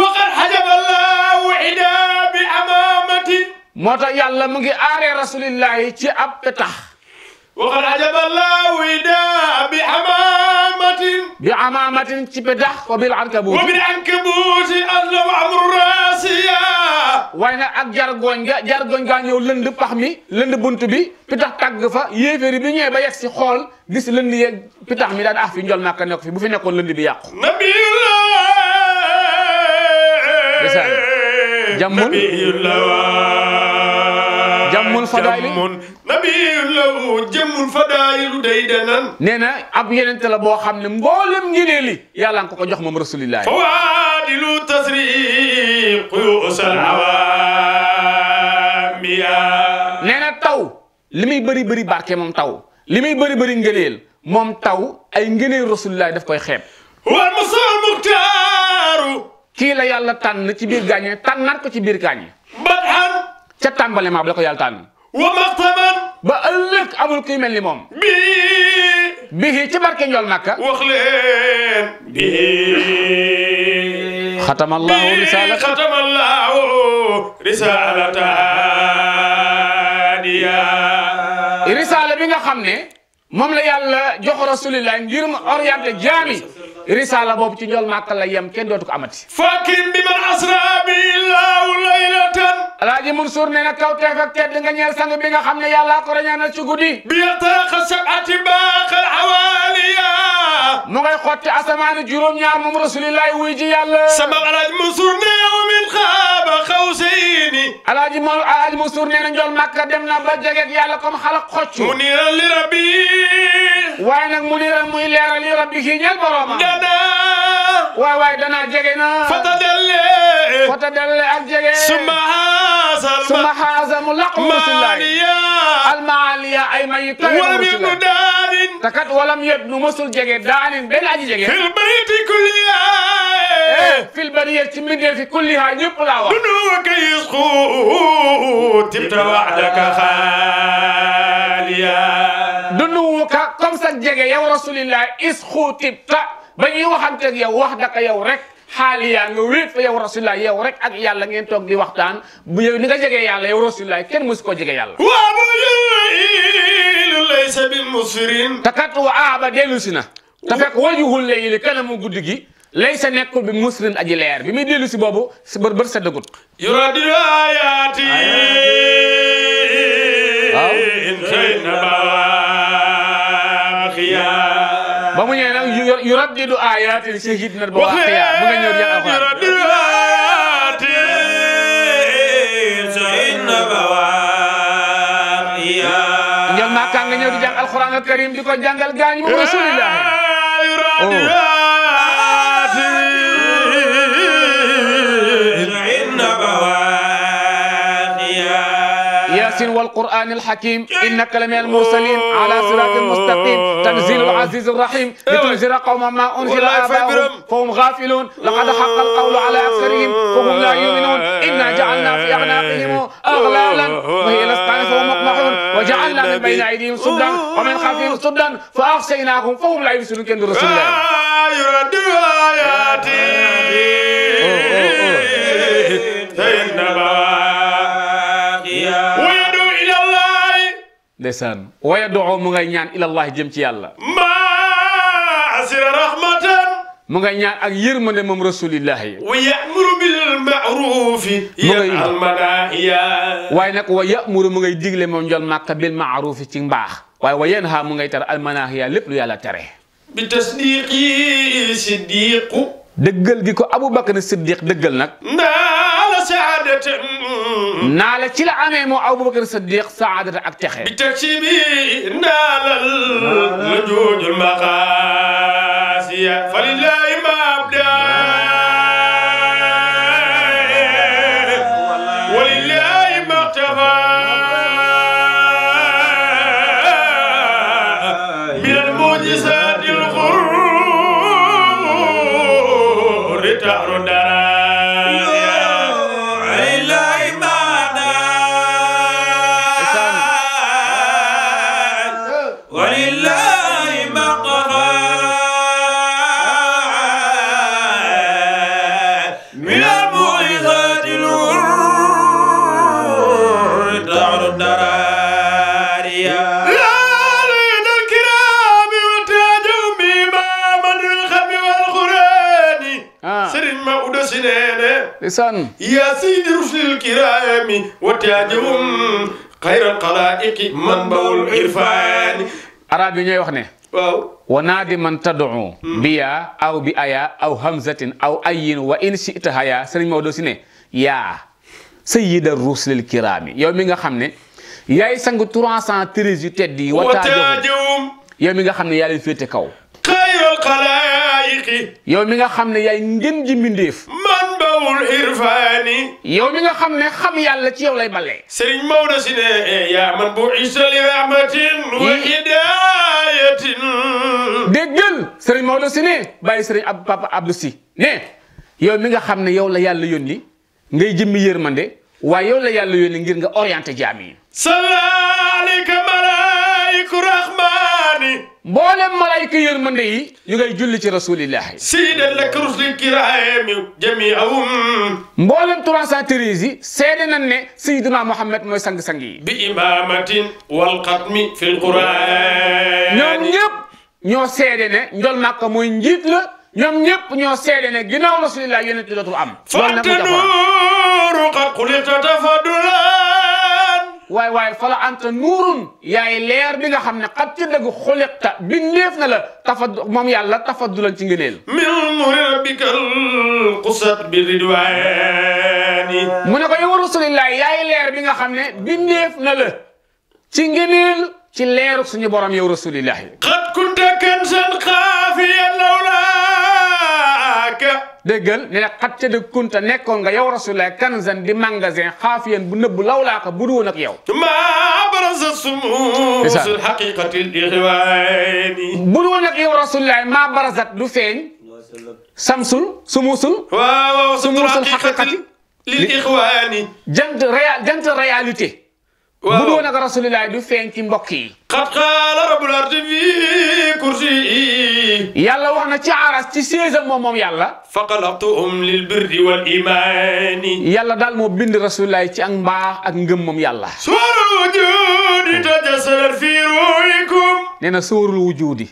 waqad hajaba allahu ida bi amamati moo tax yàlla mu ngi aaree rasulillahi ci ab petax. وقد عجب الله وداع بحمامة بحمامة تبدح وبالعنكبوت وبالعنكبوت أظلم عمر راسيا وين أجر جونجا جر جونجا يولند بحمي لند بنتبي بتح تقفى يفري بني بيك سخال دس لند ي بتح ميدان أفين جل نكان يكفي بفين يكون لند بياق نبي الله جمل نبي الله jammul fadail, nabiyullahu jëmmul fadaayilu day denan nee na ab yenente la boo xam ne mboolem ngëneel li yàlla nga ko ko jox moom rasulillahi fawaadilu tasri quyusal awamiya nee na taw li muy bëri bëri barke moom taw li muy bëri bëri ngëneel moom taw ay ngëneel rasulillahi daf koy xeeb wal musal muxtaaru kii la yàlla tànn ci biir gaañe tànnaat ko ci biir gaañe bat am ca tàmbali ma ba la ko yàlla tànn ba ëllëg amul kuy ni moom bii bii ci barke njool Makka wax leen bii xatama allahu risalata xatama allahu bi nga xam ne moom la yàlla jox rasulillah ngir mu orienté jaami risala boobu ci njol màkka la yem kenn dootu ko amati fakkim bi man asra billaahu laylatan alaaji Mansour ne na kaw teef ak tedd nga ñeel sang bi nga xam ne yàllaa ko rañaanal a guddi bi yataaqa sabati baaqal awaliya mu ngay xotti asamaani juróom-ñaar moom rasulillahi wuy ji yàlla sama alaaji Mansour ne yow min xaaba xawsayni alaaji mo alaaji Mansour ne na njol màkka dem na ba jegeeg yàlla comme xalak xocc mu li rabbi waaye nag mu di ran muy leeral yi rabbi kii ñeel borooma. dana. waay waay danaa jege na. fata dellee. fata dellee ak jege. suma haasal. suma haasal mu laq. maaliya almaaliya ay ma yi. tawee walam yëg nu daanin. takat walam yëg nu mësul jege daanin benn aji jege. fil bariyati kulliha. Eh, fil bariyati ci mbindee fi kulliha ñëpp laa wax. dunu wa kay yusxu. tibta waxdaka xaaliya. dunuuka comme sa jege yow ya, rasulillah is xuutibta ba waxante ak yow wax daka yow rek haliya nga wéet fa yow rasulillah yow rek ak yalla ngeen tok di waxtaan bu yow ni nga jege yalla yow rasulillah ken mësu ko jege yàlla laysa bil musrin takat wa aba delusina ta fek wajhul layli kana mu guddigi laysa nekkul bi musrin aji leer bi mi delusi bobu boobu ber bër bër sa dëgut yuradi in kayna baa yuraddidu ayaati sayyidina ba waqiya mu nga ñëw jàng alxuraan yuraddidu ayaati sayyidina ba waqiya nga ñëw di jàng al karim di ko jàngal gaañ mu rasulillah والقرآن الحكيم إنك لمن المرسلين على صراط مستقيم تنزيل العزيز الرحيم لتنذر قوما ما أنزل آباؤهم فهم غافلون لقد حق القول على أكثرهم فهم لا يؤمنون إنا جعلنا في أعناقهم أغلالا وهي الأسقان فهم مقمحون وجعلنا من بين أيديهم سدا ومن خلفهم سدا فأغشيناهم فهم لا يبصرون كن رسول الله يرد ndeysaan waya doxo mu ngay ñaan ilallahi jëm ci yàlla maa asira rahmatan mu ngay ñaan ak yërmande moom rasulillahi wa way bil maarufi yanhal wa yamuru mu ngay digle moom njol màkka bil maarufi ci mbaax waaye way yanha mu ngay tar almanaahiya lépp lu yàlla tere bi tasdiqi siddiqu dëggal gi ko Aboubacar Siddiq dëggal nag. naa la ci la amee moo Aboubacar Siddiq saadata ak texe. bi teg ci bi ndaalal la joojul maqaasiya falillahi Ciao, Ronda. Yayi sangguturasa tirizute di wajajum. Yayi sangguturasa tirizute di wajajum. Yayi irfan. tirizute di wajajum. Yayi sangguturasa tirizute di wajajum. Yayi sangguturasa tirizute di wajajum. Yayi sangguturasa tirizute di wajajum. Yayi sangguturasa tirizute di wajajum. Yayi sangguturasa tirizute di wajajum. Yayi sangguturasa tirizute di wajajum. Yayi sangguturasa tirizute di wajajum. Yayi sangguturasa tirizute di wajajum. Yayi sangguturasa tirizute di wajajum. Yayi sangguturasa tirizute di wajajum. Yayi sangguturasa tirizute di wajajum. Yayi nijaamul irfaani yow mi nga xam ne xam yàlla ci yow lay balee sëriñ Maodo si ne e, yaa man bu isa li rahmatin wa hidayatin déggal sëriñ Maodo si ne bàyyi sëriñ ab papa Abdou si ne yow mi nga xam ne yow la yàlla yónni ngay jëmmi yërmande waaye yow la yàlla yónni ngir nga orienté jaam yi salaamaaleykum malayiku rahmaani. mboolem malayka yërmande yi. yu ngay julli ci rasulillahi. siidan la rusulil kiraami jamiahum. mboolem 313 yi seede nañ ne Sayyiduna Muhammad mooy sang-sang yi. bi imaamatin wal xatmi fil quraan. ñoom ñëpp ñoo seede ne njol Màkka mooy njiit la. ñoom ñëpp ñoo seede ne ginnaaw rasulillah yonent dootul am. loolu nag mu واي واي فلا انت نور يا لير بيغا خامني قد تدغ خلقت بنيفنا لا تفد موم يالا تفضل سي غنيل من نور ربك القصد بالرضواني منكو يا رسول الله يا لير بيغا خامني بنيفنا لا سي غنيل سي لير سني بروم يا رسول الله قد كنت كنزا خافيا لا déggal ne la xat ca de kunta nekkoon nga yow rasulullah kanzan di magasin xaafiyan bu nëbb lawlaa ko bu duwoon ak yow bu duwoon ak yow rasulullah maa barasat du feeñ samsul sumusul sumusul xaqiqati lil ixwaani jant waaw bu doon ak rasulilah du feeñ ci mbokk yi. xat xaala rabbul fi kursi yàlla wax na ci aras ci séesam moom moom yàlla. faqalaqtuhum lil birri wal imaani. yàlla daal moo bind rasulilah ci ak mbaax ak ngëm moom yàlla. suurul wujuudi tajassadat fi ruuhikum. nee na suurul wujuudi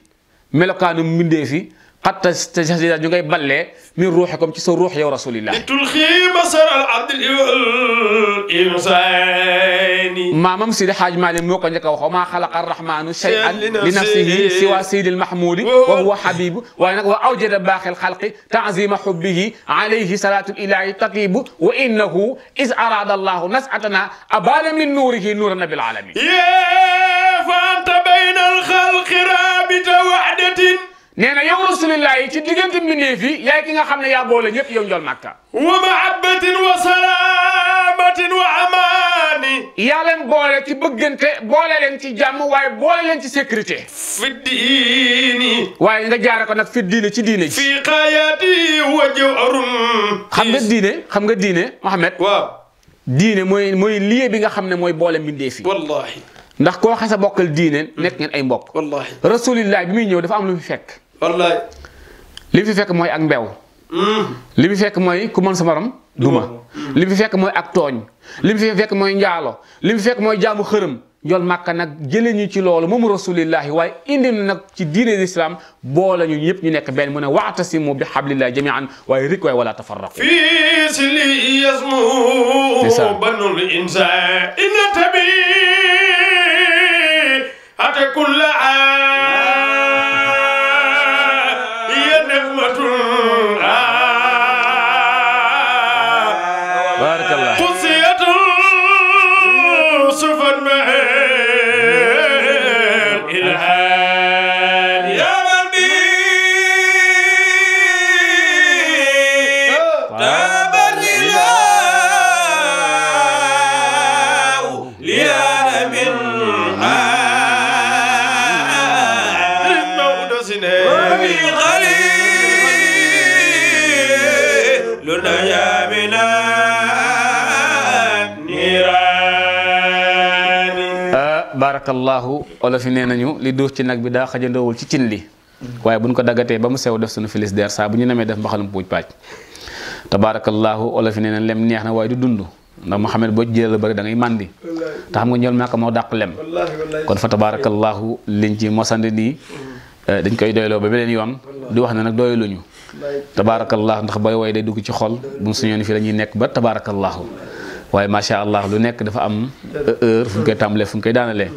melokaanu mbindee fi. حتى تجهز جوغاي بالي من روحكم تي روح يا رسول الله تلخي بصر العبد الانساني ما مام سيدي حاج مالي موكا نيكا وخو ما خلق الرحمن شيئا لنفسه سوى سيد المحمود وهو حبيب وانا واوجد باقي الخلق تعظيم حبه عليه صلاه الاله تقيب وانه اذ اراد الله نسعتنا ابال من نوره نور النبي العالمين يا فانت بين الخلق رابط وحده nee na yow rasulillahi ci diggante mbindeef yi yaay ki nga xam ne yaa boole ñëpp yow njool màkka wa mahabbatin wa salaamatin wa amaani yaa leen boole ci bëggante boole leen ci jàmm waaye boole leen ci sécurité fi diini waaye nga jaare ko nag fi diine ci diine ji fi xayaati wa jawrun xam nga diine xam nga diine Mohamed waaw diine mooy mooy lié bi nga xam ne mooy boole mbindeef yi wallahi ndax koo xasa bokkal diine nekk ngeen ay mbokk wallahi rasulillah bi muy ñëw dafa am lu mu fekk wallaay li fi fekk mooy ak mbew li fi fekk mooy ku mën sa morom duma li fi fekk mooy ak tooñ li fi fekk mooy njaalo li fi fekk mooy jaamu xërëm jol màkka nag jëlee ñu ci loolu moom rasulillahi waaye indi na nag ci diine l'islam boole ñu ñëpp ñu nekk benn mu ne waxtasimu bi xablillahi jamian waaye rik waay wala tafarraqu fii si li yasmu banul insan inna tabi ate kulla barakallahu wala fi nenañu li duuf ci nak bi da xajandoowul ci cin li buñ ko daggatee ba mu sew def suñu filis der sa buñu ñu def mbaxalum puuj paaj tabarakallahu wala fi nenañ lem neexna na du dundu ndax Muhammad bo jël bari da ngay mandi nga ñol mo lem kon fa tabarakallahu liñ ci mosandi ni eh, dañ koy doylo ba benen yoon di wax ne nag doyluñu tabarakallahu ndax bay way day dugg ci xol bu suñu ñu fi lañuy nekk ba tabarakallahu waaye macha allah lu nekk dafa am euh, heure fu ñu koy fu ñu koy daanalee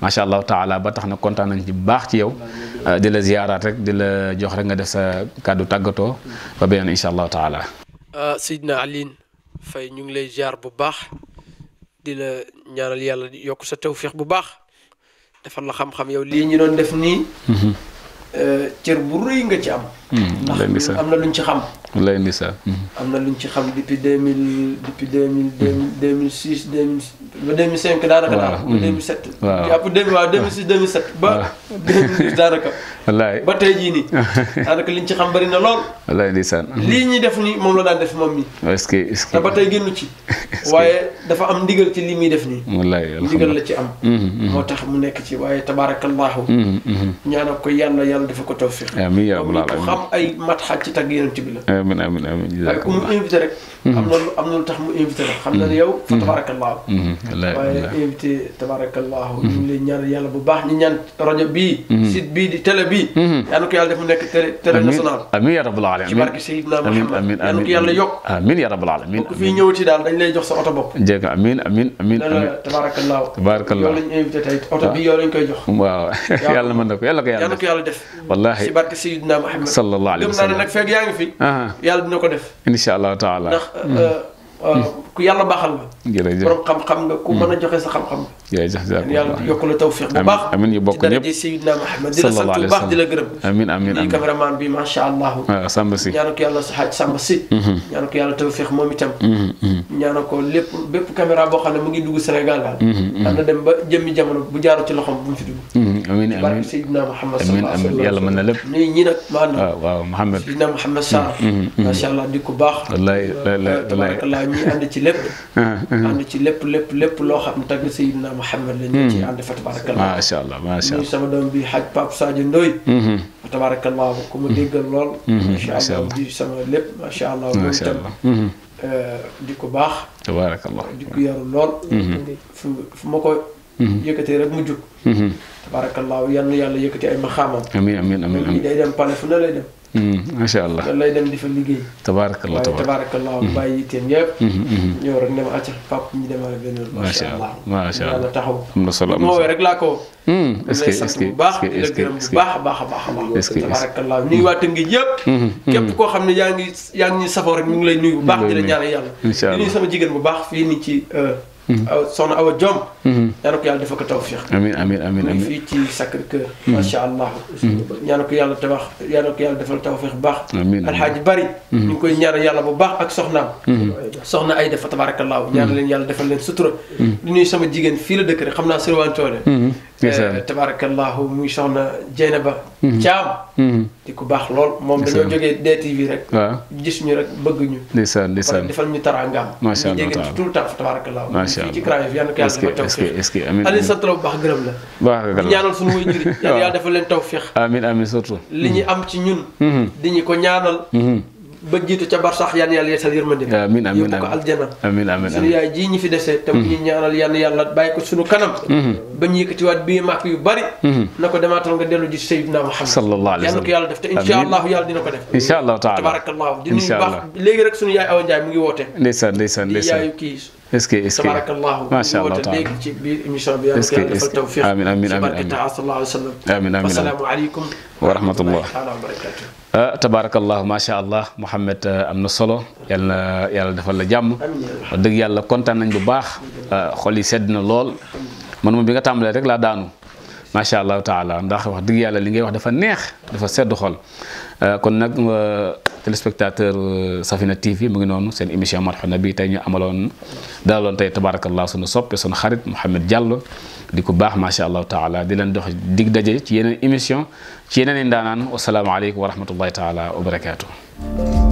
macha allah taala ba tax na kontaan nañ ci bu baax ci yow euh, di la ziyaaraat rek di la jox rek nga def sa kàddu tàggatoo ba beneen incha allah taala. Euh, Sidna Aline fay ñu ngi lay ziar bu baax di la ñaanal yàlla yokk sa tawféex bu baax defal la xam-xam yow lii ñu doon def nii. Mhm. cër bu rëy nga ci am. Hmm, ndax luñ ci xam. wallaay ndeysaan. am na luñ ci xam depuis deux mille depuis deux mille deux mille six deux mille ba 2005 daanaka daal. ba 2007. waaw jàpp 2006 2007. ba daanaka. ba tey jii nii. (laughs) daanaka liñ ci xam bari na lool. wallaay ndeysaan. lii ñuy def nii moom la daan def moom mii. est-ce que est-ce que. te (laughs) am ndigal ci li muy def nii. wallaay ndigal la am. Mm-hmm, mm-hmm. moo tax mu nekk ci waaye tabaarakallaahu. Mm-hmm, ñaanal ko yàlla yàlla dafa ko tawfiq. amiin mu rabbal aalamiin xam ay matxaat ci tag yonent bi la. amiin amiin amiin. waaye mu invité rek. am na lu tax mu invité rek. xam na ne yow. fa tabaarakallaahu waaye invité tabarakallahu ñu ngi leen ñaan yàlla bu baax ñu ñaan rajo bii site bii di télé bii yal na ko yàlla def mu nekk télé télé national amin ya rabbal alamin ci barke Seydina Muhammad yal na ko yàlla yokk amin ya rabbal alamin ku fi ñëwati daal dañ lay jox sa oto bopp jëg amin amin amin tabarakallahu tabarakallahu yow lañ invité tey oto bi yow lañ koy jox waaw yàlla mën na ko yàlla ko yàlla def yàlla def wallahi ci barke Seydina Muhammad sallallahu alayhi wa sallam gëm naa ne nag fekk yaa ngi fi yàlla dina ko def insha allah taala ndax Euh, ku yàlla baaxal nga. jërëjëf borom xam-xam nga ku mën a hmm. joxe sa xam-xam nga. jërëjëf yàlla yokk la tawfiq bu baax. amiin ñu bokk ñëpp ci daraja Seydina Muhammad di la sant bu baax di la gërëm. amiin amiin amiin cameraman bi macha allah. waaw ah, Samba si ñaanu mm-hmm. mm-hmm, mm-hmm. mu ngi dugg Sénégal daal. dana dem ba jëmmi jamono bu jaaru ci loxoom bu mu fi dugg. amiin amiin barke Seydina Muhammad. amiin amiin yàlla mën na lépp. ñuy ñi ah, allah di ko baax. ñuy ànd ci lépp. (laughs) Ah, ah. ànd ci lépp lépp lépp loo xam tagg Seydina Mouhamed la ñu hmm. ci ànd fa tabarakallah macha allah macha allah sama doom bi xaj Pape Sadio Ndoye. Hmm. fa tabarakallah ku ma hmm. déggal lool. macha allah di sama lépp macha allah. macha allah eh, di ko baax. tabarakallah di ko yaru lool. fu fu ma ko. yëkkatee rek mu jug. tabarakallah yal na yàlla yëkkati ay maxaamam. amiin amiin amiin day dem pale fu ne lay dem. Hmm, macha allah loolu lay dem di fa liggéey. tabaarakallah tabaarakallah waaye hmm. bàyyi yitteem yëpp. yow hmm, rek ne ma acca pap ñu dem ak benn. macha allah macha allah yàlla taxaw. am na solo am na solo rek laa ko. est-ce que est-ce que est-ce que est-ce que est-ce que tabaarakallah ñu ngi waa Tëngéej yëpp. képp koo xam ne yaa ngi yaa ngi ñuy safoo rek ñu ngi lay nuyu bu baax di la ñaanal yàlla. incha allah di nuyu sama jigéen bu baax fii nii ci. Euh, soxna Awa Diom. yàlla ko yàlla dafa ko tawfiq amiin amiin amiin amiin fii ci Sacré Cœur mm-hmm. macha allah mm-hmm. yàlla ko yàlla tabax yàlla ko yàlla defal tawfiq bu baax alxaaji bari mm-hmm. ñu ngi koy ñaanal yàlla bu baax ak soxnaam soxna ay dafa tabaarakallaahu ñaanal leen yàlla defal leen sutura du ñuy sama jigéen fii la dëkk rek xam naa sërwantoone Eh, tabarakallahu muy soxna Jeynaba Caam mhm. mhm. di ku baax lool moom dañoo jógee DTV rek gis ñu rek bëgg ñu ndeysaan ndeysaan defal ñu taraangaam macha allah jégal ci tout le temps tabarakallahu macha allah fii ci Grand Yoff yal na ko yàlla defal tawfiix est-ce que amiin Aliou sant la bu baax gërëm la baax ñaanal suñu way jëri yàlla defal leen tawfiix amiin amiin surtout li ñu mhm. am ci ñun di ñu ko ñaanal ba jiitu ca barsax yan yàlla yeesal yërmande amiin amiin yóbbu ko aljana amiin amiin suñu yaay jii ñi fi dese te mu mhm. ñuy ñaanal yan yàlla bàyyi ko suñu kanam mhm. ba ñu yëkkatiwaat bii maak yu bari mhm. na ko demaatal nga dellu ji Seydina Muhammad sallallahu alayhi wa sallam yàlla ko yàlla def te insha allahu yàlla dina ko def insha allahu taala tabarakallahu di nuyu baax léegi rek suñu yaay Awa Ndiaye mu ngi woote ndeysaan ndeysaan ndeysaan yaayu kii est-ce que est-ce que tabarakallahu macha allah taala léegi ci biir émission bi yàlla yàlla defal tawfiq amiin amiin amiin amiin amiin amiin assalaamu aleykum wa rahmatullah wa barakatuh تبارك الله ما شاء الله محمد امنا صلو يالنا يال دافال جام دغ يالا كونتان نان بو باخ خولي لول من مو تامل رك لا دانو ما شاء الله تعالى انداخ واخ دغ يالا ليغي واخ دافا نيه دافا سد خول كون سفينه تي في مغي سين ايميشن مرحبا بي تاي ني دالون تاي تبارك الله سونو سوبي محمد جالو di ko baax macha allahu taala di leen dox dig daje ci yeneen émission ci yeneen i ndaanaan wasalaamualeykum wa rahmatullahi taala wa barakaatu.